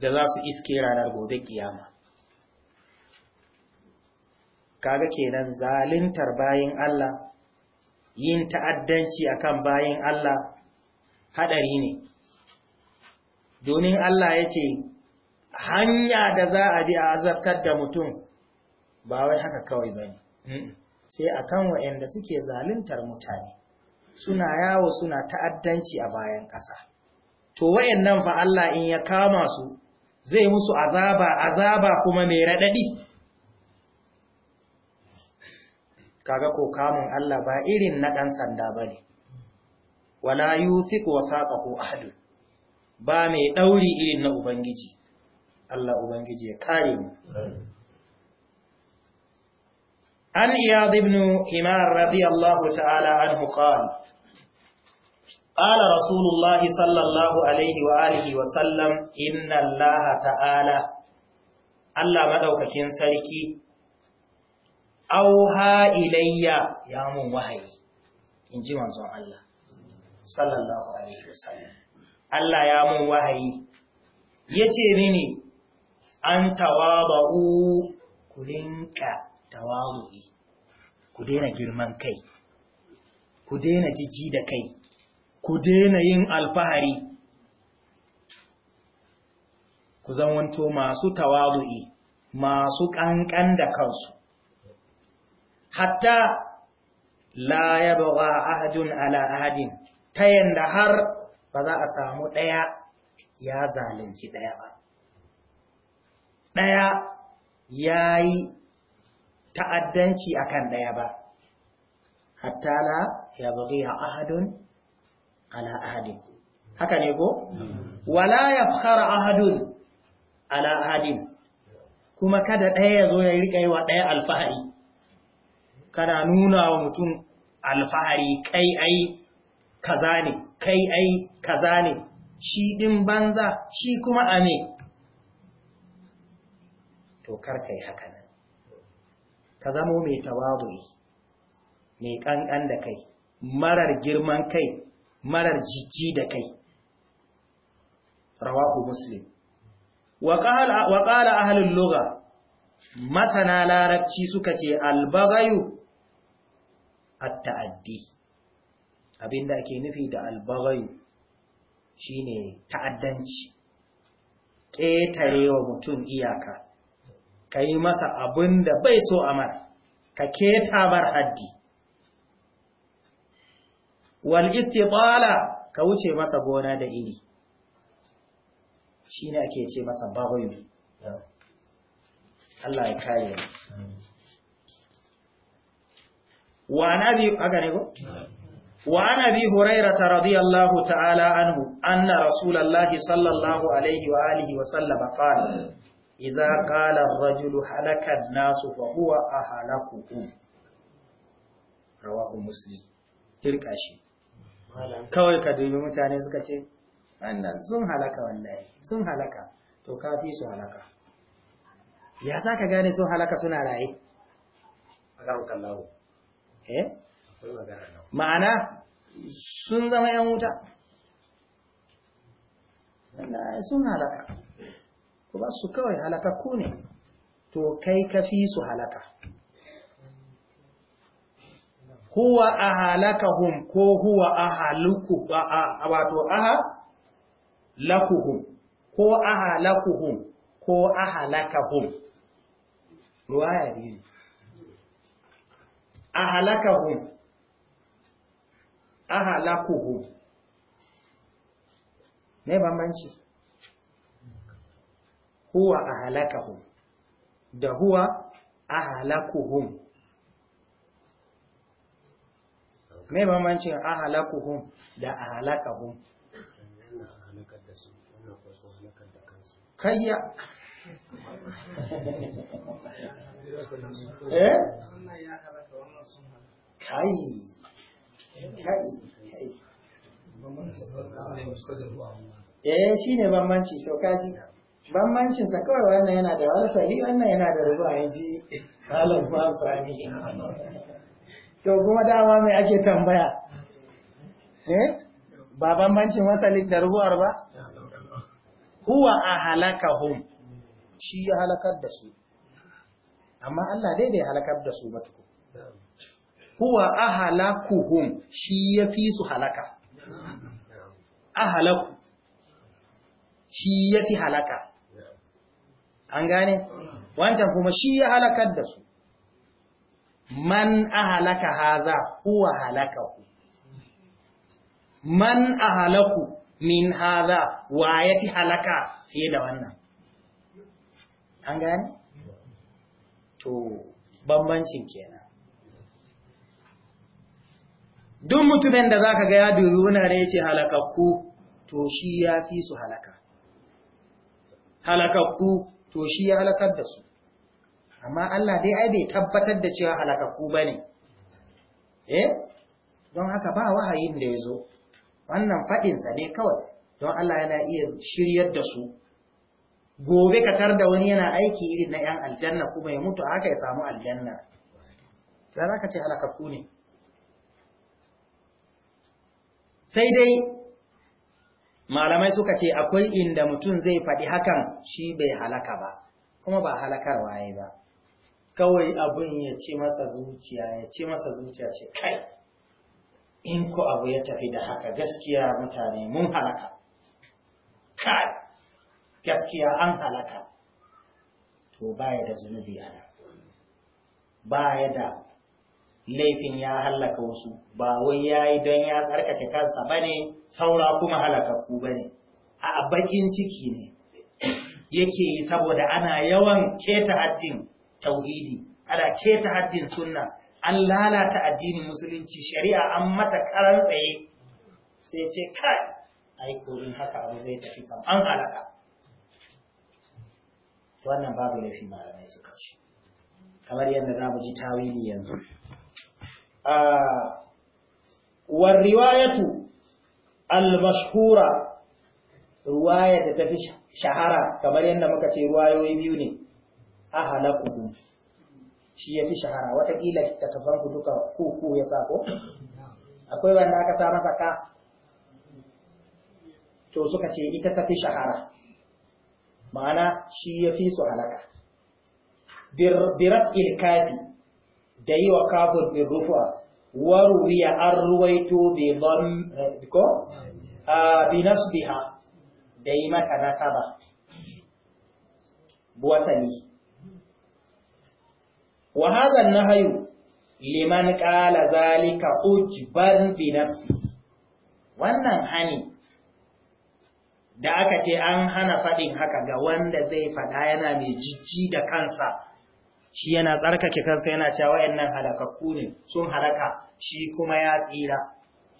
da za su iske ranar gobe kiyama kaga kenan zaluntar bayin Allah yin ta'addanci akan bayin Allah hadari ne domin Allah ya ce hanya da za a bi a azabtar da mutum ba wai haka kawai ba ne sai a kan wa'yanda suke zaluntar mutane suna yawo suna ta'addanci a bayan ƙasa to wa'yannan fa Allah in ya kama su zai musu azaba azaba kuma mai raɗaɗi kaga ko kamun Allah ba irin na ɗan sanda ba ne wala yuthiqu wathaqahu ahad ba mai dauri irin na ubangiji Allah ubangiji ya kare mu an iyad ibn himar radiyallahu ta'ala anhu qala قال rasulullahi sallallahu صلى الله عليه وآله وسلم إن الله ta'ala. Allah maɗaukakin sarki, auha ilayya ya mun wahayi, in ji manzon Allah. sallallahu alaihi wasallam Allah ya mun wahayi yace mini an tawaba'u ku rinka tawabu'i ku daina girman kai ku daina jijji da kai ku daina yin alfahari ku zamanto masu tawabu'i masu kankan da kansu hatta la yabgha ahadun ala ahadin ta yanda har ba za a samu ɗaya ya zalunci ɗaya ba ɗaya ya yi ta'addanci akan ɗaya ba hatta la ya a ahadun ala ahadin haka ne ko wala yafkhara ahadun ala ahadin kuma kada ɗaya ya zo ya riƙa yi wa ɗaya alfahari kana nuna wa mutum alfahari kai ai kaza ne kai ai kaza ne shi din banza shi kuma ame to yi haka nan ka zamo mai tawazu'i mai kankan da kai marar girman kai marar jijji da kai rawahu muslim wa qala ahalin lugha masana larabci suka ce albaghayu at-ta'addi abinda ake nufi da albaghayu shine ta'addanci ƙetarewa mutum iyaka ka yi masa abin da bai so amar ka keta bar haddi wal istibala ka wuce masa gona da iri shine ake ce masa baghayu Allah ya kare wa nabi aga ne ko wa an abi hurairata radiyallahu ta'ala anhu anna rasulullahi sallallahu alaihi wa alihi wa sallama qala idza qala ar-rajulu halaka nasu fa huwa ahlakuhum rawahu muslim kirka shi kawai ka dubi mutane suka ce wannan sun halaka wallahi sun halaka to kafi su halaka ya za ka gane sun halaka suna raye? ma'ana sun zama ‘yan wuta sun halaka kuma su kawai ku ne to kai kafi su halaka huwa a halaka hun ko huwa a haluku wato aha lakuhum ko aha lakuhum ko aha ruwa ruwaya biyu a hun ahalakuhu me bambanci huwa ahalakahum da huwa ahalakuhum me bambancin ahalakuhum da ahalakahum kayya *laughs* eh kai eh shi ne bambanci to kaji bambancinsa kawai wannan yana da walfali wannan yana da rubu a yanzu halin kuma amfani to kuma dama mai ake tambaya eh ba bambancin wasalik da rubuwar ba huwa a halaka hun shi ya halakar da su amma Allah dai bai halakar da su ba tuku huwa ahalakuhum shi ya fi su halaka ahalaku shi ya fi halaka an gane wancan kuma shi ya halakar da su man ahalaka haza huwa halakahu man ahalaku min haza wa ya fi halaka fiye da wannan an gane to bambancin kenan duk mutumin da za ka ga ya dubi ne yace halakakku to shi ya fi su halaka halakakku to shi ya halakar da su amma Allah dai ai bai tabbatar da cewa halakakku bane eh don haka ba wahayin da ya zo wannan fadin ne kawai don Allah yana iya shiryar da su gobe ka tar da wani yana aiki irin na yan aljanna kuma ya mutu haka ya samu aljanna sai ka ce halakakku ne sai dai malamai suka ce akwai inda mutum zai faɗi hakan shi bai halaka ba kuma ba halakar waye ba kawai abin ya ce masa zuciya ya ce masa zuciya ce kai in ku abu ya tafi da haka gaskiya mutane mun halaka kai gaskiya an halaka to baya da zunubi ana baya da laifin ya halaka wasu ba wai ya yi don ya tsarkake kansa ba ne saura kuma halakakku ba ne a bakin ciki ne yake yi saboda ana yawan keta haddin tauhidi ana keta haddin sunna an lalata addinin musulunci shari'a an mata karan tsaye sai ce kai aiko in haka abu zai tafi kam an halaka wannan babu laifi malamai suka ce kamar yadda za mu ji tawili yanzu warriwayatu al-mashhura ruwaya da tafi shahara kamar yadda muka ce ruwayoyi biyu ne ahlaqukum shi fi shahara watakila ta tafan ku duka kuku ya sako akwai wanda aka sa masa to suka ce ita tafi shahara ma'ana shi fi su halaka birat ilkafi da yi wa kafin bin rufu'a waruwiya an ruwaito eh, ah, bi nasbiha da yi mata nasaba buwatani wa hadha nahyu liman qala zalika ujban bi nafsi wannan hani da aka ce an hana faɗin haka ga wanda zai faɗa yana mai jijji da kansa shi yana tsarkake kansa yana cewa wayannan halakakku ne sun halaka shi kuma ya tsira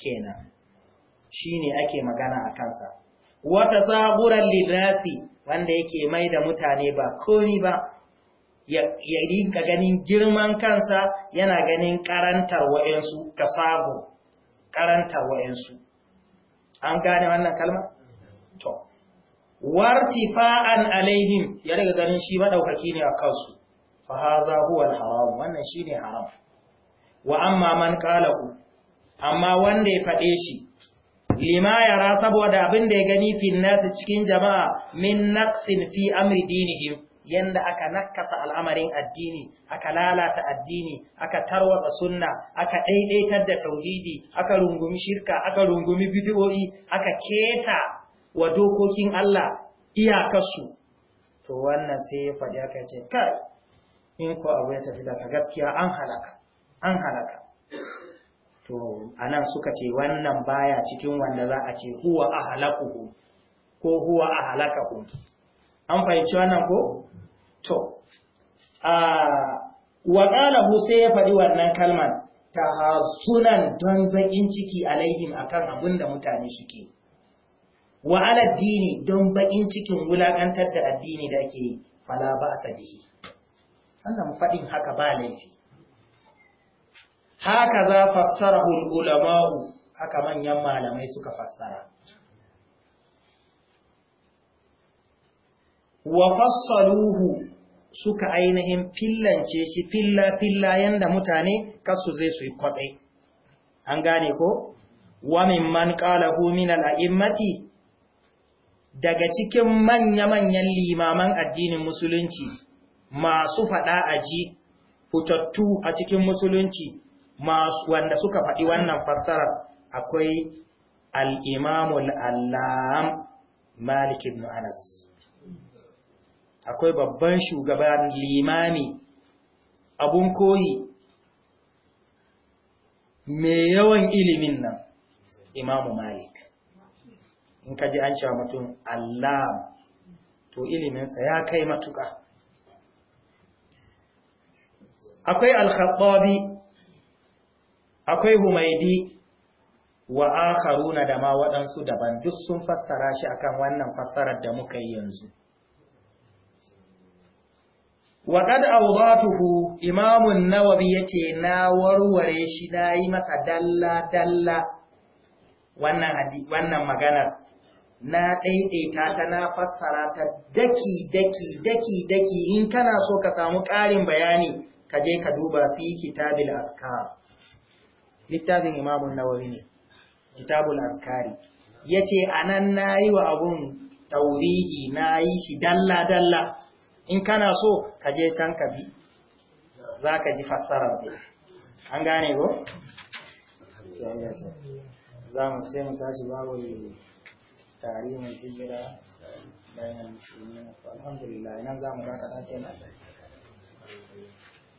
kenan shine ake magana a kansa wata saburan lidrasi wanda yake mai da mutane ba kori ba ya rinka ganin girman kansa yana ganin karantar wa'yansu ka sago. karantar wa'yansu an gane wannan kalma? to wartifa'an alaihim ya daga ganin shi maɗaukaki ne a kansu fa huwa haram wannan shine haram wa amma man qalahu amma wanda ya fade shi lima yara saboda abin da ya gani fi nasu cikin jama'a min naqsin fi amri dinihi yanda aka nakasa al'amarin addini aka lalata addini aka tarwatsa sunna aka daidaitar da tauhidi aka rungumi shirka aka rungumi bid'o'i aka keta wa dokokin Allah iyakarsu to wannan sai ya faɗi aka ce kai in ko abu ya tafi daga gaskiya an halaka an halaka to anan suka ce wannan baya cikin wanda za a ce huwa ahlakuhu ko huwa ahlakahu an fahimci wannan ko to a wa hu sai ya faɗi wannan ta sunan don bakin ciki alaihim akan abinda mutane suke wa ala dini don bakin cikin wulakantar da addini da ake fala ba bihi sannan faɗin haka ba laifi haka za fassara ulama'u haka manyan malamai suka fassara wa fassaluhu suka ainihin fillance shi filla-filla yanda mutane kasu zai su yi kwatsai an gane ko wamin man ƙalahu min al’immati daga cikin manya-manyan limaman addinin musulunci masu faɗa a ji fitattu a cikin musulunci wanda suka faɗi wannan fassarar akwai al'imamul allam malik ibn anas akwai babban shugaban limami abun koyi mai yawan ilimin nan imamu malik in ka an cewa mutum allam to iliminsa ya kai matuka. akwai al-khattabi akwai humaidi wa akharuna da ma waɗansu daban duk sun fassara shi akan wannan fassarar da muka yi yanzu wa qad awdatuhu imam an-nawawi yake na warware shi yi masa dalla dalla wannan wannan maganar na daidaita ta na fassara ta daki daki daki daki in kana so ka samu ƙarin bayani ka je ka duba fi kitabil azkar littafin imamun nawawi ne kitabul azkari yace anan nayi wa abun taurihi nayi shi dalla dalla in kana so ka je can ka bi zaka ji fassarar din an gane go za mu sai mu tashi babu tarihin hijira bayan ne. alhamdulillah nan za mu dakata kenan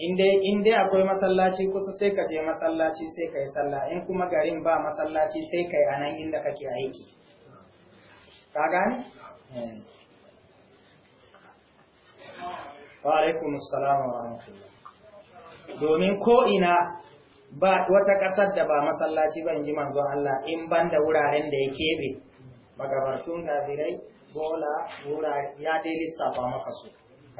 in dai akwai masallaci kusa sai ka je masallaci sai ka yi sallah in kuma garin ba masallaci sai ka yi a nan inda kake aiki ka gani? Eh. wa alaikun salamu wa rahmatullah domin ko'ina ba wata ƙasar da ba masallaci ba in ji manzo Allah in ban da wuraren da ya keɓe magabartun gazirai bola wurare ya dai lissafa maka su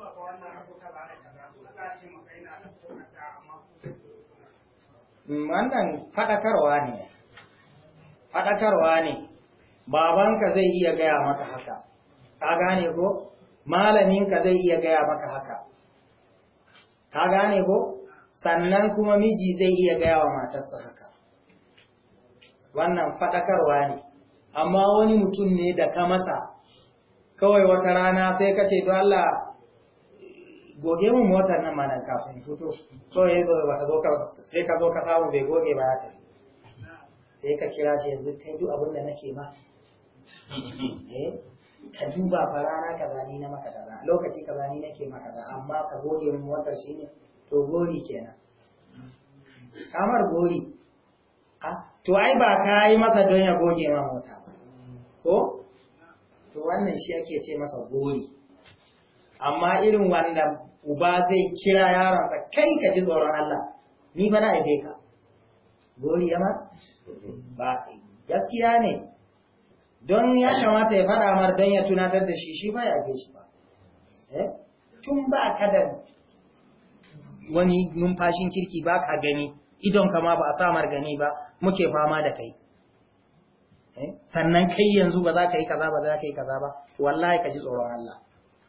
zuwa ga wannan rahoto ba da kaza mm, wannan fadakarwa ne fadakarwa ne babanka zai iya gaya maka haka ka gane ko malaminka zai iya gaya maka haka ka gane ko sannan kuma miji zai iya gaya wa matarsa haka wannan fadakarwa ne amma wani mutum ne da ka masa kawai wata rana sai ka ce to Allah goge mun motar nan mana kafin fito so ya zo ba zo ka sai ka zo ka samu bai goge ba ya tafi sai ka kira shi yanzu kai duk abin da nake ma eh ka duba fa rana ka ni na maka kaza lokaci ka ni nake maka kaza amma ka goge mun motar shine to gori kenan kamar gori a to ai ba ka yi masa don ya goge ma mota ba ko to wannan shi ake ce masa gori amma irin wanda uba zai kira yaronsa kai ka ji tsoron Allah ni ba na aike ka gori yama ba gaskiya ne don ya kamata ya faɗa mar don ya tunatar da shi shi ba ya aibe shi ba eh? tun ba ka da wani numfashin kirki ba ka gani idon kama ba a samar gani ba muke fama da kai eh? sannan kai yanzu ba za ka yi kaza ba za ka yi kaza ba wallahi ka ji tsoron Allah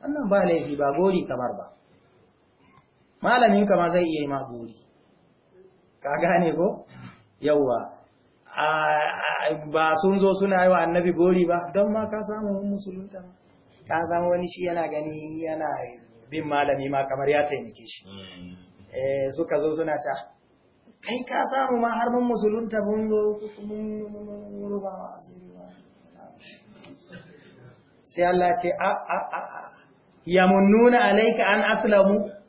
wannan ba laifi ba gori kamar ba malamin ka ma zai iya yi ma gori ka gane ko yawa ba sun zo suna yi wa annabi gori ba don ma ka samu mun musulunta ma ka samu wani shi yana gani yana bin malami ma kamar ya taimake shi hmm. eh, suka zo suna ta kai ka samu ma har mun musulunta mun zo mun ruba ma asiri ba sai Allah ce a a a yamunnuna alaika an aslamu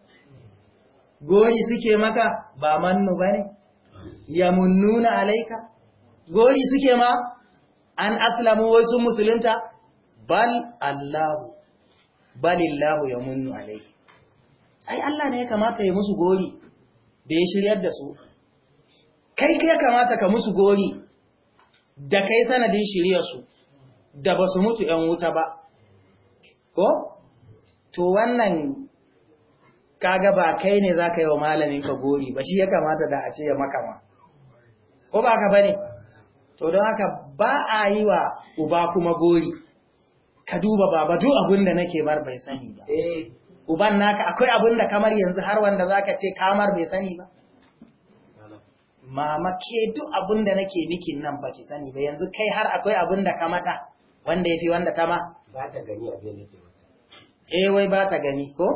gori suke maka ba mannu ba ne yamunnuna alaika gori suke ma an aslamu sun musulunta bal Allahu Ya yamunnu alaihi ai Allah ne ya kamata ya musu gori da ya shiryar da su kai ya kamata ka musu gori da kai sanadin shiryarsu da ba su mutu ‘yan wuta ba ko to wannan kaga ba kai ne za ka yi wa malamin ka gori ba shi ya kamata da a ce ya makama ko ba ka bane to don haka ba a yi wa uba kuma gori ka duba ba ba duk abin da nake mar bai sani ba eh. uban naka akwai abin da kamar yanzu har wanda za ka ce kamar bai sani ba mama ke duk abin da nake mikin nan ba ki sani ba yanzu kai har akwai abin da ka mata wanda ya fi wanda ta ma ta gani abin da ke eh wai ba ta gani ko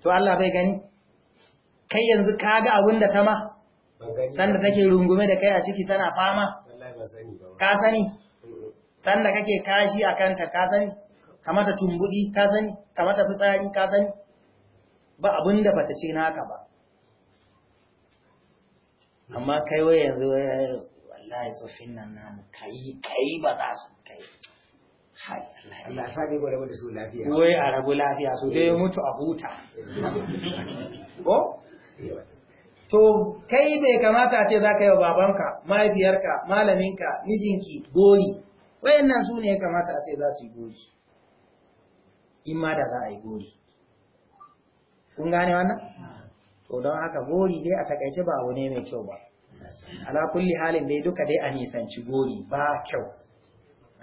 to Allah bai gani kai yanzu ka ga abin da ta ma sanda take rungume da kai a ciki tana fama ka sani sanda kake kashi a kanta ka sani kamata tumbudi ka sani kamata fitsari ka sani ba abin da ta ce naka ba amma kai wai yanzu eh, wallahi tsofin nan namu kai kai ba za su kai Allah sa ne gwada da su lafiya wai a rabu lafiya su dai eh. mutu a huta *laughs* ko eh. to kai bai kamata a ce za ka yi wa babanka mahaifiyarka malaminka mijinki gori wayannan su ne ya kamata a ce za su yi gori in ma da za a yi gori kun gane wannan to don haka gori dai a takaice ba abu ne mai kyau ba ala kulli halin dai duka dai a nisanci gori ba kyau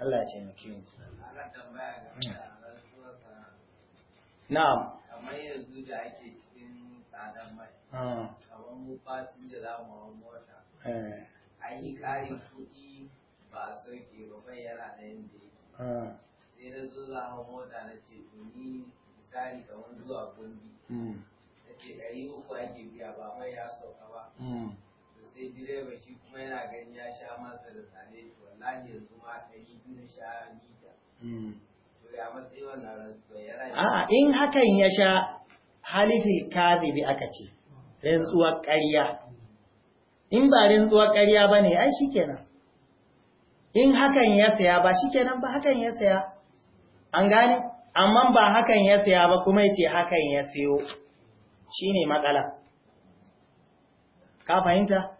Allah ya taimake mu hmm. na'am kamar yanzu da ake cikin tsadar mai hmm. kamar mu fasin da za mu hau mota eh. an yi ƙarin kuɗi ba a sauke ba bai yana da yin da hmm. sai na zo za hau mota na ce ni misali kamar zuwa gombe Da ke ɗari uku ake biya ba mai ya sauka ba sai direba shi kuma yana gani ya sha masa da tsare to wallahi yanzu ma ɗari yi na sha mita. Hmm. To ya matsayi wannan rantsuwa ya rayu. A'a in hakan ya sha halifin kazibi aka ce rantsuwar ƙarya. In ba rantsuwar ƙarya ba ne ai shi kenan. In hakan ya saya ba shi kenan ba hakan ya saya. An gane? Amma ba hakan ya saya ba kuma ya ce hakan ya sayo. Shi ne matsala. Ka fahimta?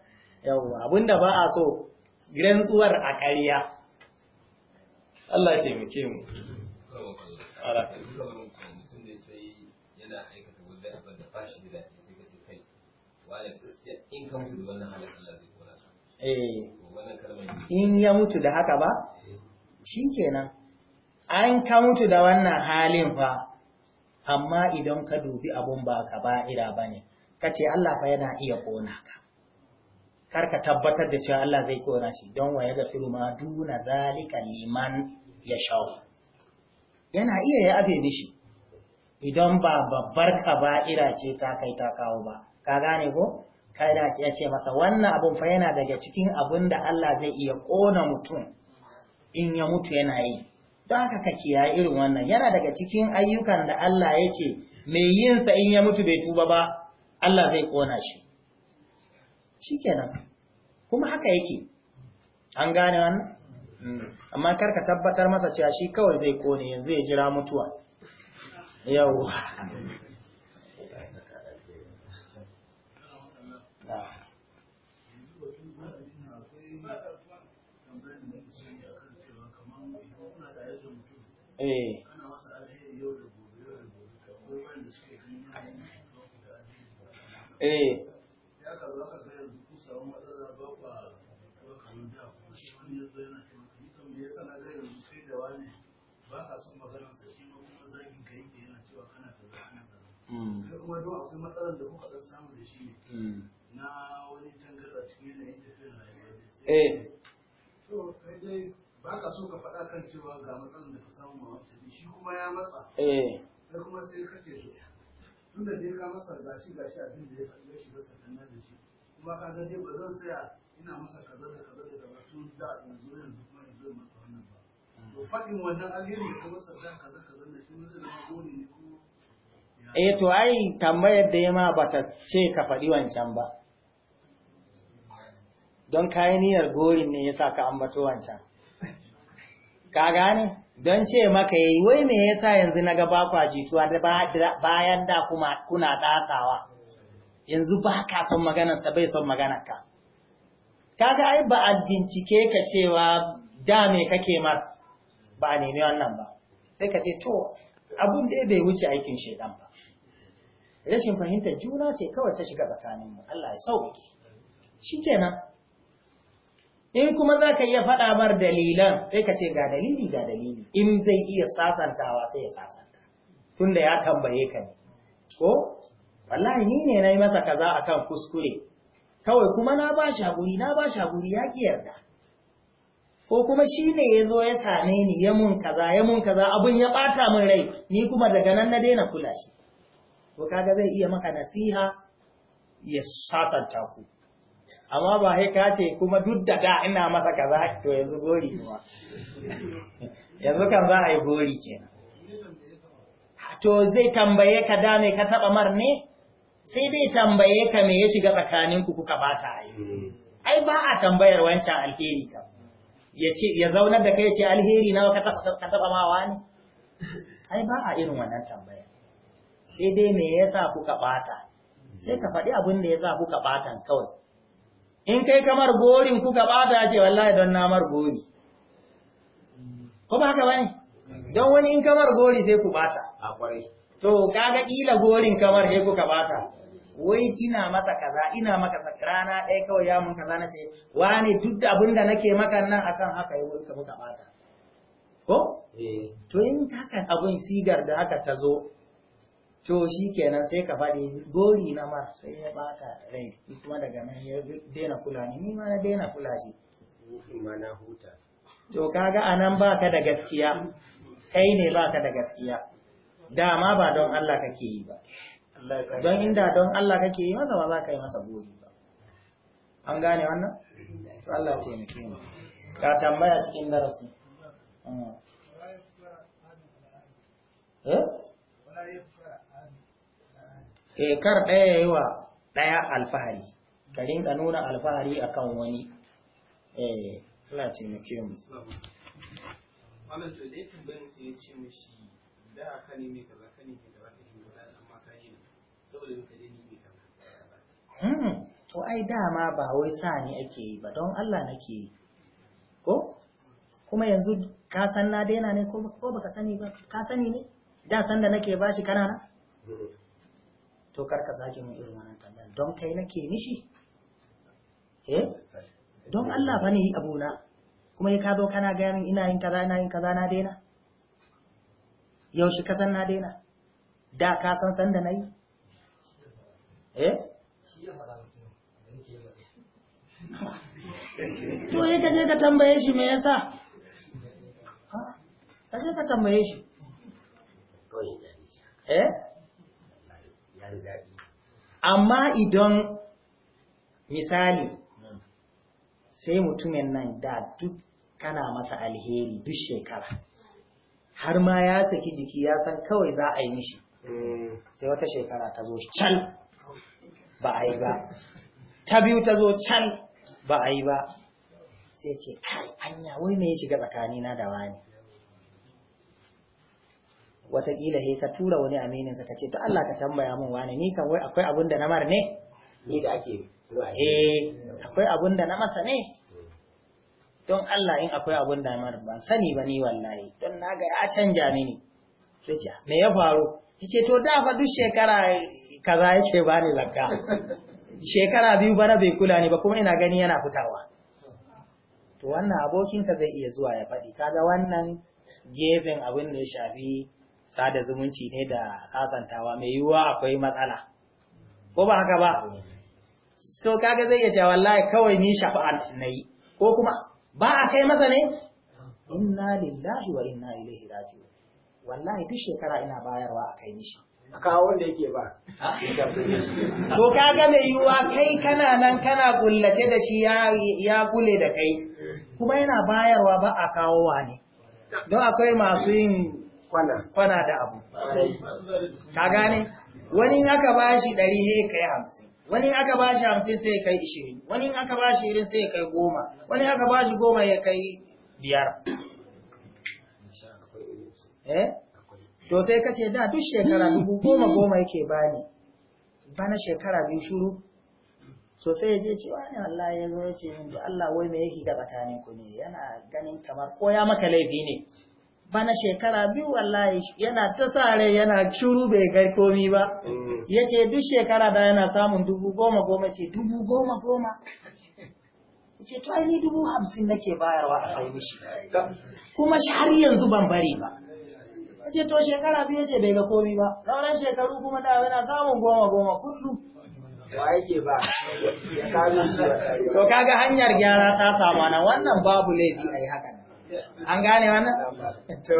yawwa abinda ba a so rantsuwar a ƙarya Allah ya muke mu eh, in ya mutu da haka ba shi kenan an ka mutu da wannan halin fa amma idan ka dubi abun ba ka ba'ira ba ne ka ce Allah fa yana iya ƙona ka kar ka tabbatar da cewa Allah zai kora shi don wa ya gafiru ma duna zalika liman ya shawo yana iya ya abe mishi idan ba babbar ka ira ce ta kai ta kawo ba ka gane ko kai da ya ce masa wannan abun fa yana daga cikin abun da Allah zai iya kona mutum in ya mutu yana yi don haka ka kiya irin wannan yana daga cikin ayyukan da Allah ya ce mai yinsa in ya mutu bai tuba ba Allah zai kona shi shikenan kuma haka yake an gane wannan mm. amma kar tabbatar masa cewa shi kawai zai kone yanzu ya jira mutuwa yawwa eh eh kuma don akwai matsalar da kuka ɗan samu da shi ne hmm. na wani tangarɗa cikin yanayin tafiyar rayuwa eh to kai dai ba ka so ka faɗa kan cewa ga matsalar da ka samu ma wata shi kuma ya matsa eh sai kuma sai ka ce tun da dai ka masa gashi gashi abin da ya faɗi shi ba sakannan da shi kuma ka ga dai ba zan saya ina masa kaza da kaza da kaza tun da yanzu yanzu kuma yanzu masa wannan ba hmm. to faɗin wannan alheri kuma ka kaza kaza da shi zai zama gone ne kuma eh to ai tambayar da yama bata ce ka faɗi wancan ba don kayi niyyar gorin ne yasa ka ambato wancan ka gane don ce maka yayi wai me yasa yanzu naga ba kwa jituwa da bayan da kuma kuna tsatsawa yanzu ba ka son maganar sa bai son maganar ka kaga ai ba a bincike ka cewa da me kake mar ba a nemi wannan ba sai ka ce to abun da bai wuce aikin shedan rashin fahimtar juna ce kawai ta shiga tsakaninmu Allah ya sauke shi kenan in kuma za ka iya faɗa bar dalilan sai ka ce ga dalili ga dalili in zai iya sasantawa sai ya sasanta tunda ya tambaye ka ne ko wallahi ni ne na yi masa kaza akan kuskure kawai kuma na ba shi haƙuri na ba shi haƙuri ya ƙi yarda ko kuma shi ne ya zo ya same ni ya mun kaza ya mun kaza abin ya ɓata min rai ni kuma daga nan na daina kula shi to kaga zai iya maka nasiha ya sasanta ku amma ba sai ka ce kuma duk da da ina masa kaza to yanzu gori kuma *laughs* yanzu kan za a yi gori kenan to zai tambaye ka da me ka taba mar ne sai dai tambaye ka me ya shiga tsakaninku kuka bata ai ai ba a tambayar wancan alheri ka ya ce ya zaunar da kai ya ce alheri nawa ka taba mawa ne ai ba a irin wannan tambaya sai dai me yasa kuka bata sai ka faɗi abin da yasa kuka batan kawai in kai kamar gorin kuka bata ce wallahi don namar gori ko ba ka bane don wani in kamar gori sai ku bata a kwarai to kaga kila gorin kamar sai kuka bata wai ina masa kaza ina maka rana ɗaya kawai ya mun kaza na ce? wani duk da abin da nake maka nan akan haka yi wani ka ɓata? bata ko eh. to in kakan abin sigar da haka ta zo to shi kenan sai ka faɗi gori na mar sai ya baka rai kuma daga nan ya daina kula ni ma na daina kula shi to kaga anan baka da gaskiya kai ne baka da gaskiya dama ba don Allah kake yi ba don inda don Allah kake yi masa ba za ka yi masa gori ba an gane wannan to Allah ce taimake kima. ka tambaya cikin darasi hmm. eh Eh, kar ɗaya ya yi wa ɗaya alfahari ka rinka nuna alfahari akan wani eh ina musu. mu to ya ce da kaza ka ka amma ka yi saboda ka je ni hmm, to ai dama ba wai sa ni ake yi ba don Allah nake yi ko kuma yanzu ka san na daina ne ko ka sani ba ka sani ne da san da nake bashi kana na hmm. to karka sake mun irin wannan tambayar don kai nake nishi? eh don Allah fa ne yi abuna kuma ya kado kana ga min ina yin kaza ina yin kaza na daina yaushe ka san na daina da ka san san da nayi eh to ya kaje ka tambaye shi me yasa ka je ka tambaye shi eh amma idan misali sai mutumin nan da duk kana masa alheri duk shekara har ma ya saki jiki ya san kawai za a yi mishi sai wata shekara ta zo can ba a yi ba ta biyu ta zo can ba a yi ba sai ce kai anya wai me ya shiga na da wani watakila he ka tura wani aminin ka ce to Allah ka tambaya min wani ni kan wai akwai abun da na mar ne ni da ake eh akwai abun da na masa ne don Allah in akwai abun da mar ban sani ba ni wallahi don naga ya canja mini sai ce me ya faru yace to da fa duk shekara kaza yake bani zakka shekara biyu bana bai kula ni ba kuma ina gani yana fitarwa to wannan abokinka zai iya zuwa ya faɗi kaga wannan gefen abin da ya shafi sada zumunci ne da sasantawa mai yiwuwa akwai matsala ko ba haka ba to kaga zai iya cewa wallahi kawai ni na nayi ko kuma ba a kai masa ne inna lillahi wa inna ilaihi raji'un wallahi duk shekara ina bayarwa a kai nishi. a kawo wanda yake ba to kaga mai yiwuwa kai kana nan kana gullace da shi ya gule da kai kuma yana bayarwa ba a kawowa ne don akwai masu yin kwana da abu ka gane wani aka bashi ɗari he kai hamsin wani aka bashi hamsin sai kai ishirin wani aka bashi irin sai kai goma wani aka bashi goma ya kai biyar eh to sai ka ce da duk shekara dubu goma goma yake bani bana shekara biyu shuru so sai je ce wani Allah ya zo ya ce yanzu, Allah wai mai yake da tsakanin ku ne yana ganin kamar ko ya maka laifi ne bana shekara biyu wallahi yana ta sare yana shuru bai kai komi ba mm. ya ce duk shekara da yana samun dubu goma goma ce dubu goma goma ya ce to ni dubu hamsin nake bayarwa a kai shi. kuma har yanzu ban bari ba ya ce to shekara biyu ce bai ga komi ba sauran shekaru kuma da yana samun goma goma kullum to kaga hanyar gyara ta samana wannan babu laifi a yi ne. an gane wannan to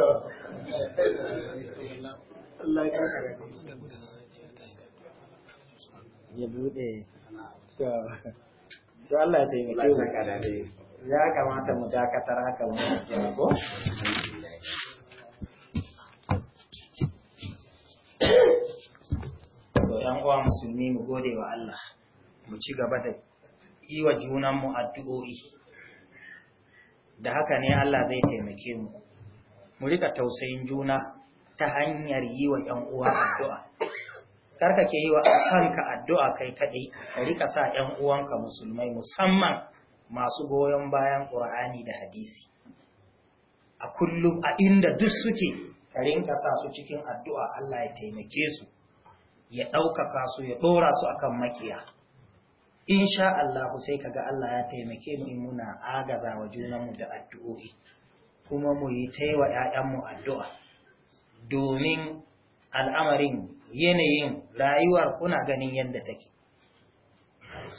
ya bude to Allah ya taimake mu ya kamata mu dakatar haka mu ko to yan uwa musulmi mu gode wa Allah mu ci gaba da yi wa junanmu addu'o'i da haka ne Allah zai taimake mu mu rika tausayin juna ta hanyar yi wa ‘yan uwa addu'a karka ke yi wa kanka addu'a kai kadai ka rika sa ‘yan uwanka musulmai musamman masu goyon bayan ƙur'ani da hadisi a kullum a inda duk suke ka rinka sa su cikin addu'a Allah ya taimake su ya ɗaukaka su ya ɗora su akan makiya In sha Allah sai kaga Allah ya taimake mu muna agaza wa junanmu da addu'o'i kuma mu yi taiwa ‘ya'yanmu addu'a domin al'amarin yanayin rayuwar kuna ganin yadda take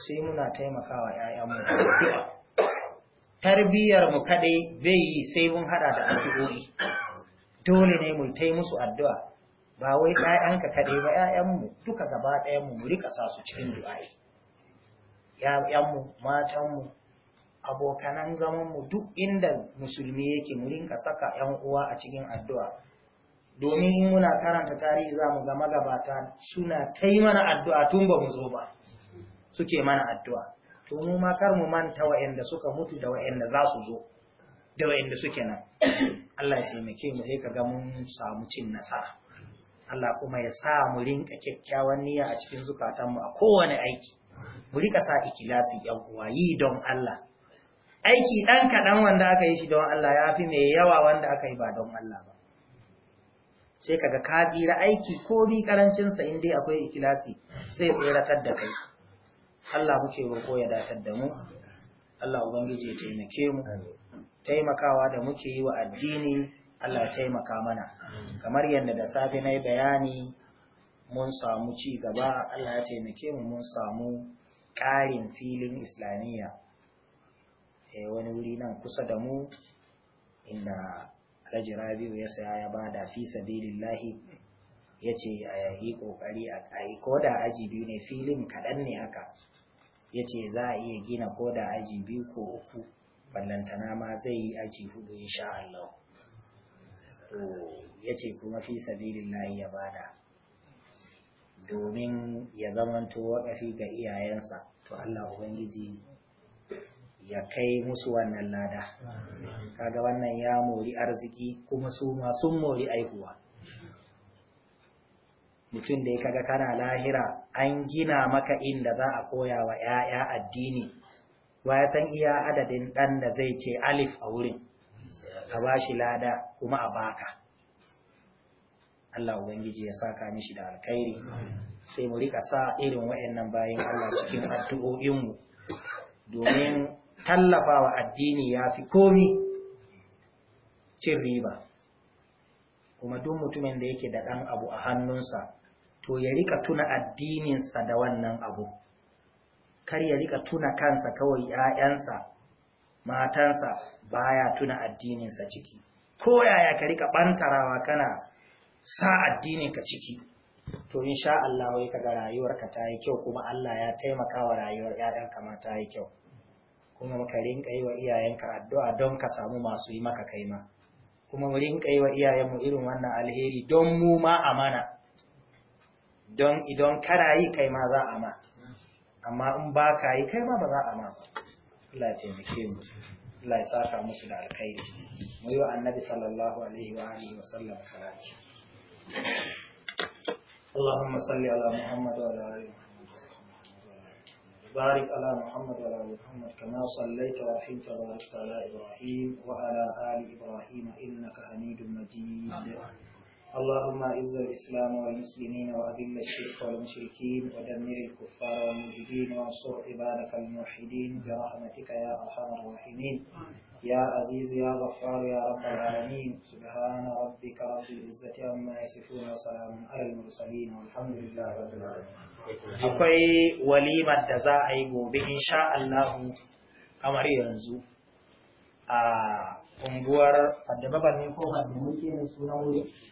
sai muna taimakawa ‘ya'yanmu addu'a tarbiyyar mu kadai bai yi sai mun hada da addu'o'i dole ne mu tai musu addu'a ba wai ‘ya'yanka kadai ba ƴaƴanmu duka gaba ɗayanmu mu rika sa su cikin du'a'i ‘ya'yanmu, matanmu, abokanan mu duk inda musulmi yake mu rinka saka ‘yan uwa a cikin addu'a. Domin in muna karanta tarihi za mu ga magabata suna ta mana addu'a tun ba mu zo ba, suke mana addu'a. To mu ma kar mu manta wa'yanda suka mutu da wa'yanda za su zo, da wa'yanda suke nan. Allah ya taimake mu sai ka ga mun samu cin nasara. Allah kuma ya sa mu rinka kyakkyawan niyya a cikin zukatanmu a kowane aiki. Muri ka sa ikilasi yan uwa yi don Allah aiki ɗan kaɗan wanda aka yi shi don Allah ya fi mai yawa wanda aka yi ba don Allah ba sai kaga ka tsira aiki ko bi karancin sa in dai akwai ikilasi zai tsiratar da kai Allah muke roko ya datar da mu Allah ubangiji ya taimake mu taimakawa da muke yi wa addini Allah taimaka mana kamar yadda da safe na yi bayani mun samu ci gaba Allah ya taimake mu mun samu ƙarin filin islamiyya eh, wani wuri nan kusa da mu inda alhaji rabiu ya saya ya bada fi sabilillahi ya ce a yi ƙoƙari a yi koda aji biyu ne filin kaɗan ne haka ya ce za a iya gina koda aji biyu ko uku ballantana ma zai yi aji hudu insha Allah ya ce kuma fi sabilillahi ya bada domin ya zamanto waƙafi ga iyayensa to Allah Ubangiji ya kai musu wannan lada kaga wannan ya mori arziki kuma su ma sun mori aihuwa mutum da ya kaga kana lahira an gina maka inda za a koya wa 'ya'ya addini wa ya san iya adadin ɗan da zai ce alif a wurin a shi lada kuma a baka Allah Ubangiji ya saka mishi da alkhairi sai mu rika sa irin wayannan bayan Allah cikin addu'o'inmu domin tallafawa addini ya fi komi cin riba kuma duk mutumin da yake da ɗan abu a hannunsa to ya rika tuna addininsa da wannan abu kar ya rika tuna kansa kawai 'ya'yansa matansa baya tuna addininsa ciki ko yaya ka rika bantarawa kana sa addinin ka ciki to insha Allah wai kaga rayuwarka ta yi kyau kuma Allah ya taimaka wa rayuwar ƴaƴanka ma ta yi kyau kuma muka rinka yi wa iyayenka addu'a don ka samu masu yi maka kai ma kuma mu rinka yi wa iyayenmu irin wannan alheri don mu ma amana don idan kana yi kai ma za a ma amma in ba ka yi kai ma ba za a ma ba Allah ya taimake mu Allah ya saka musu da alkhairi mu yi wa annabi sallallahu alaihi wa alihi wa sallam salati اللهم صل على محمد وعلى آل محمد بارك على محمد وعلى آل محمد كما صليت ورحمت وباركت على إبراهيم وعلى آل إبراهيم إنك حميد مجيد اللهم اعز الاسلام والمسلمين واذل الشرك والمشركين ودمر الكفار والمجدين وانصر عبادك الموحدين برحمتك يا ارحم الراحمين يا عزيز يا غفار يا رب العالمين سبحان ربك رب العزه عما يصفون وسلام على المرسلين والحمد لله رب العالمين akwai walimar da za a yi gobe insha Allah kamar yanzu a unguwar Addababan ne ko Haddamuke ne sunan wuri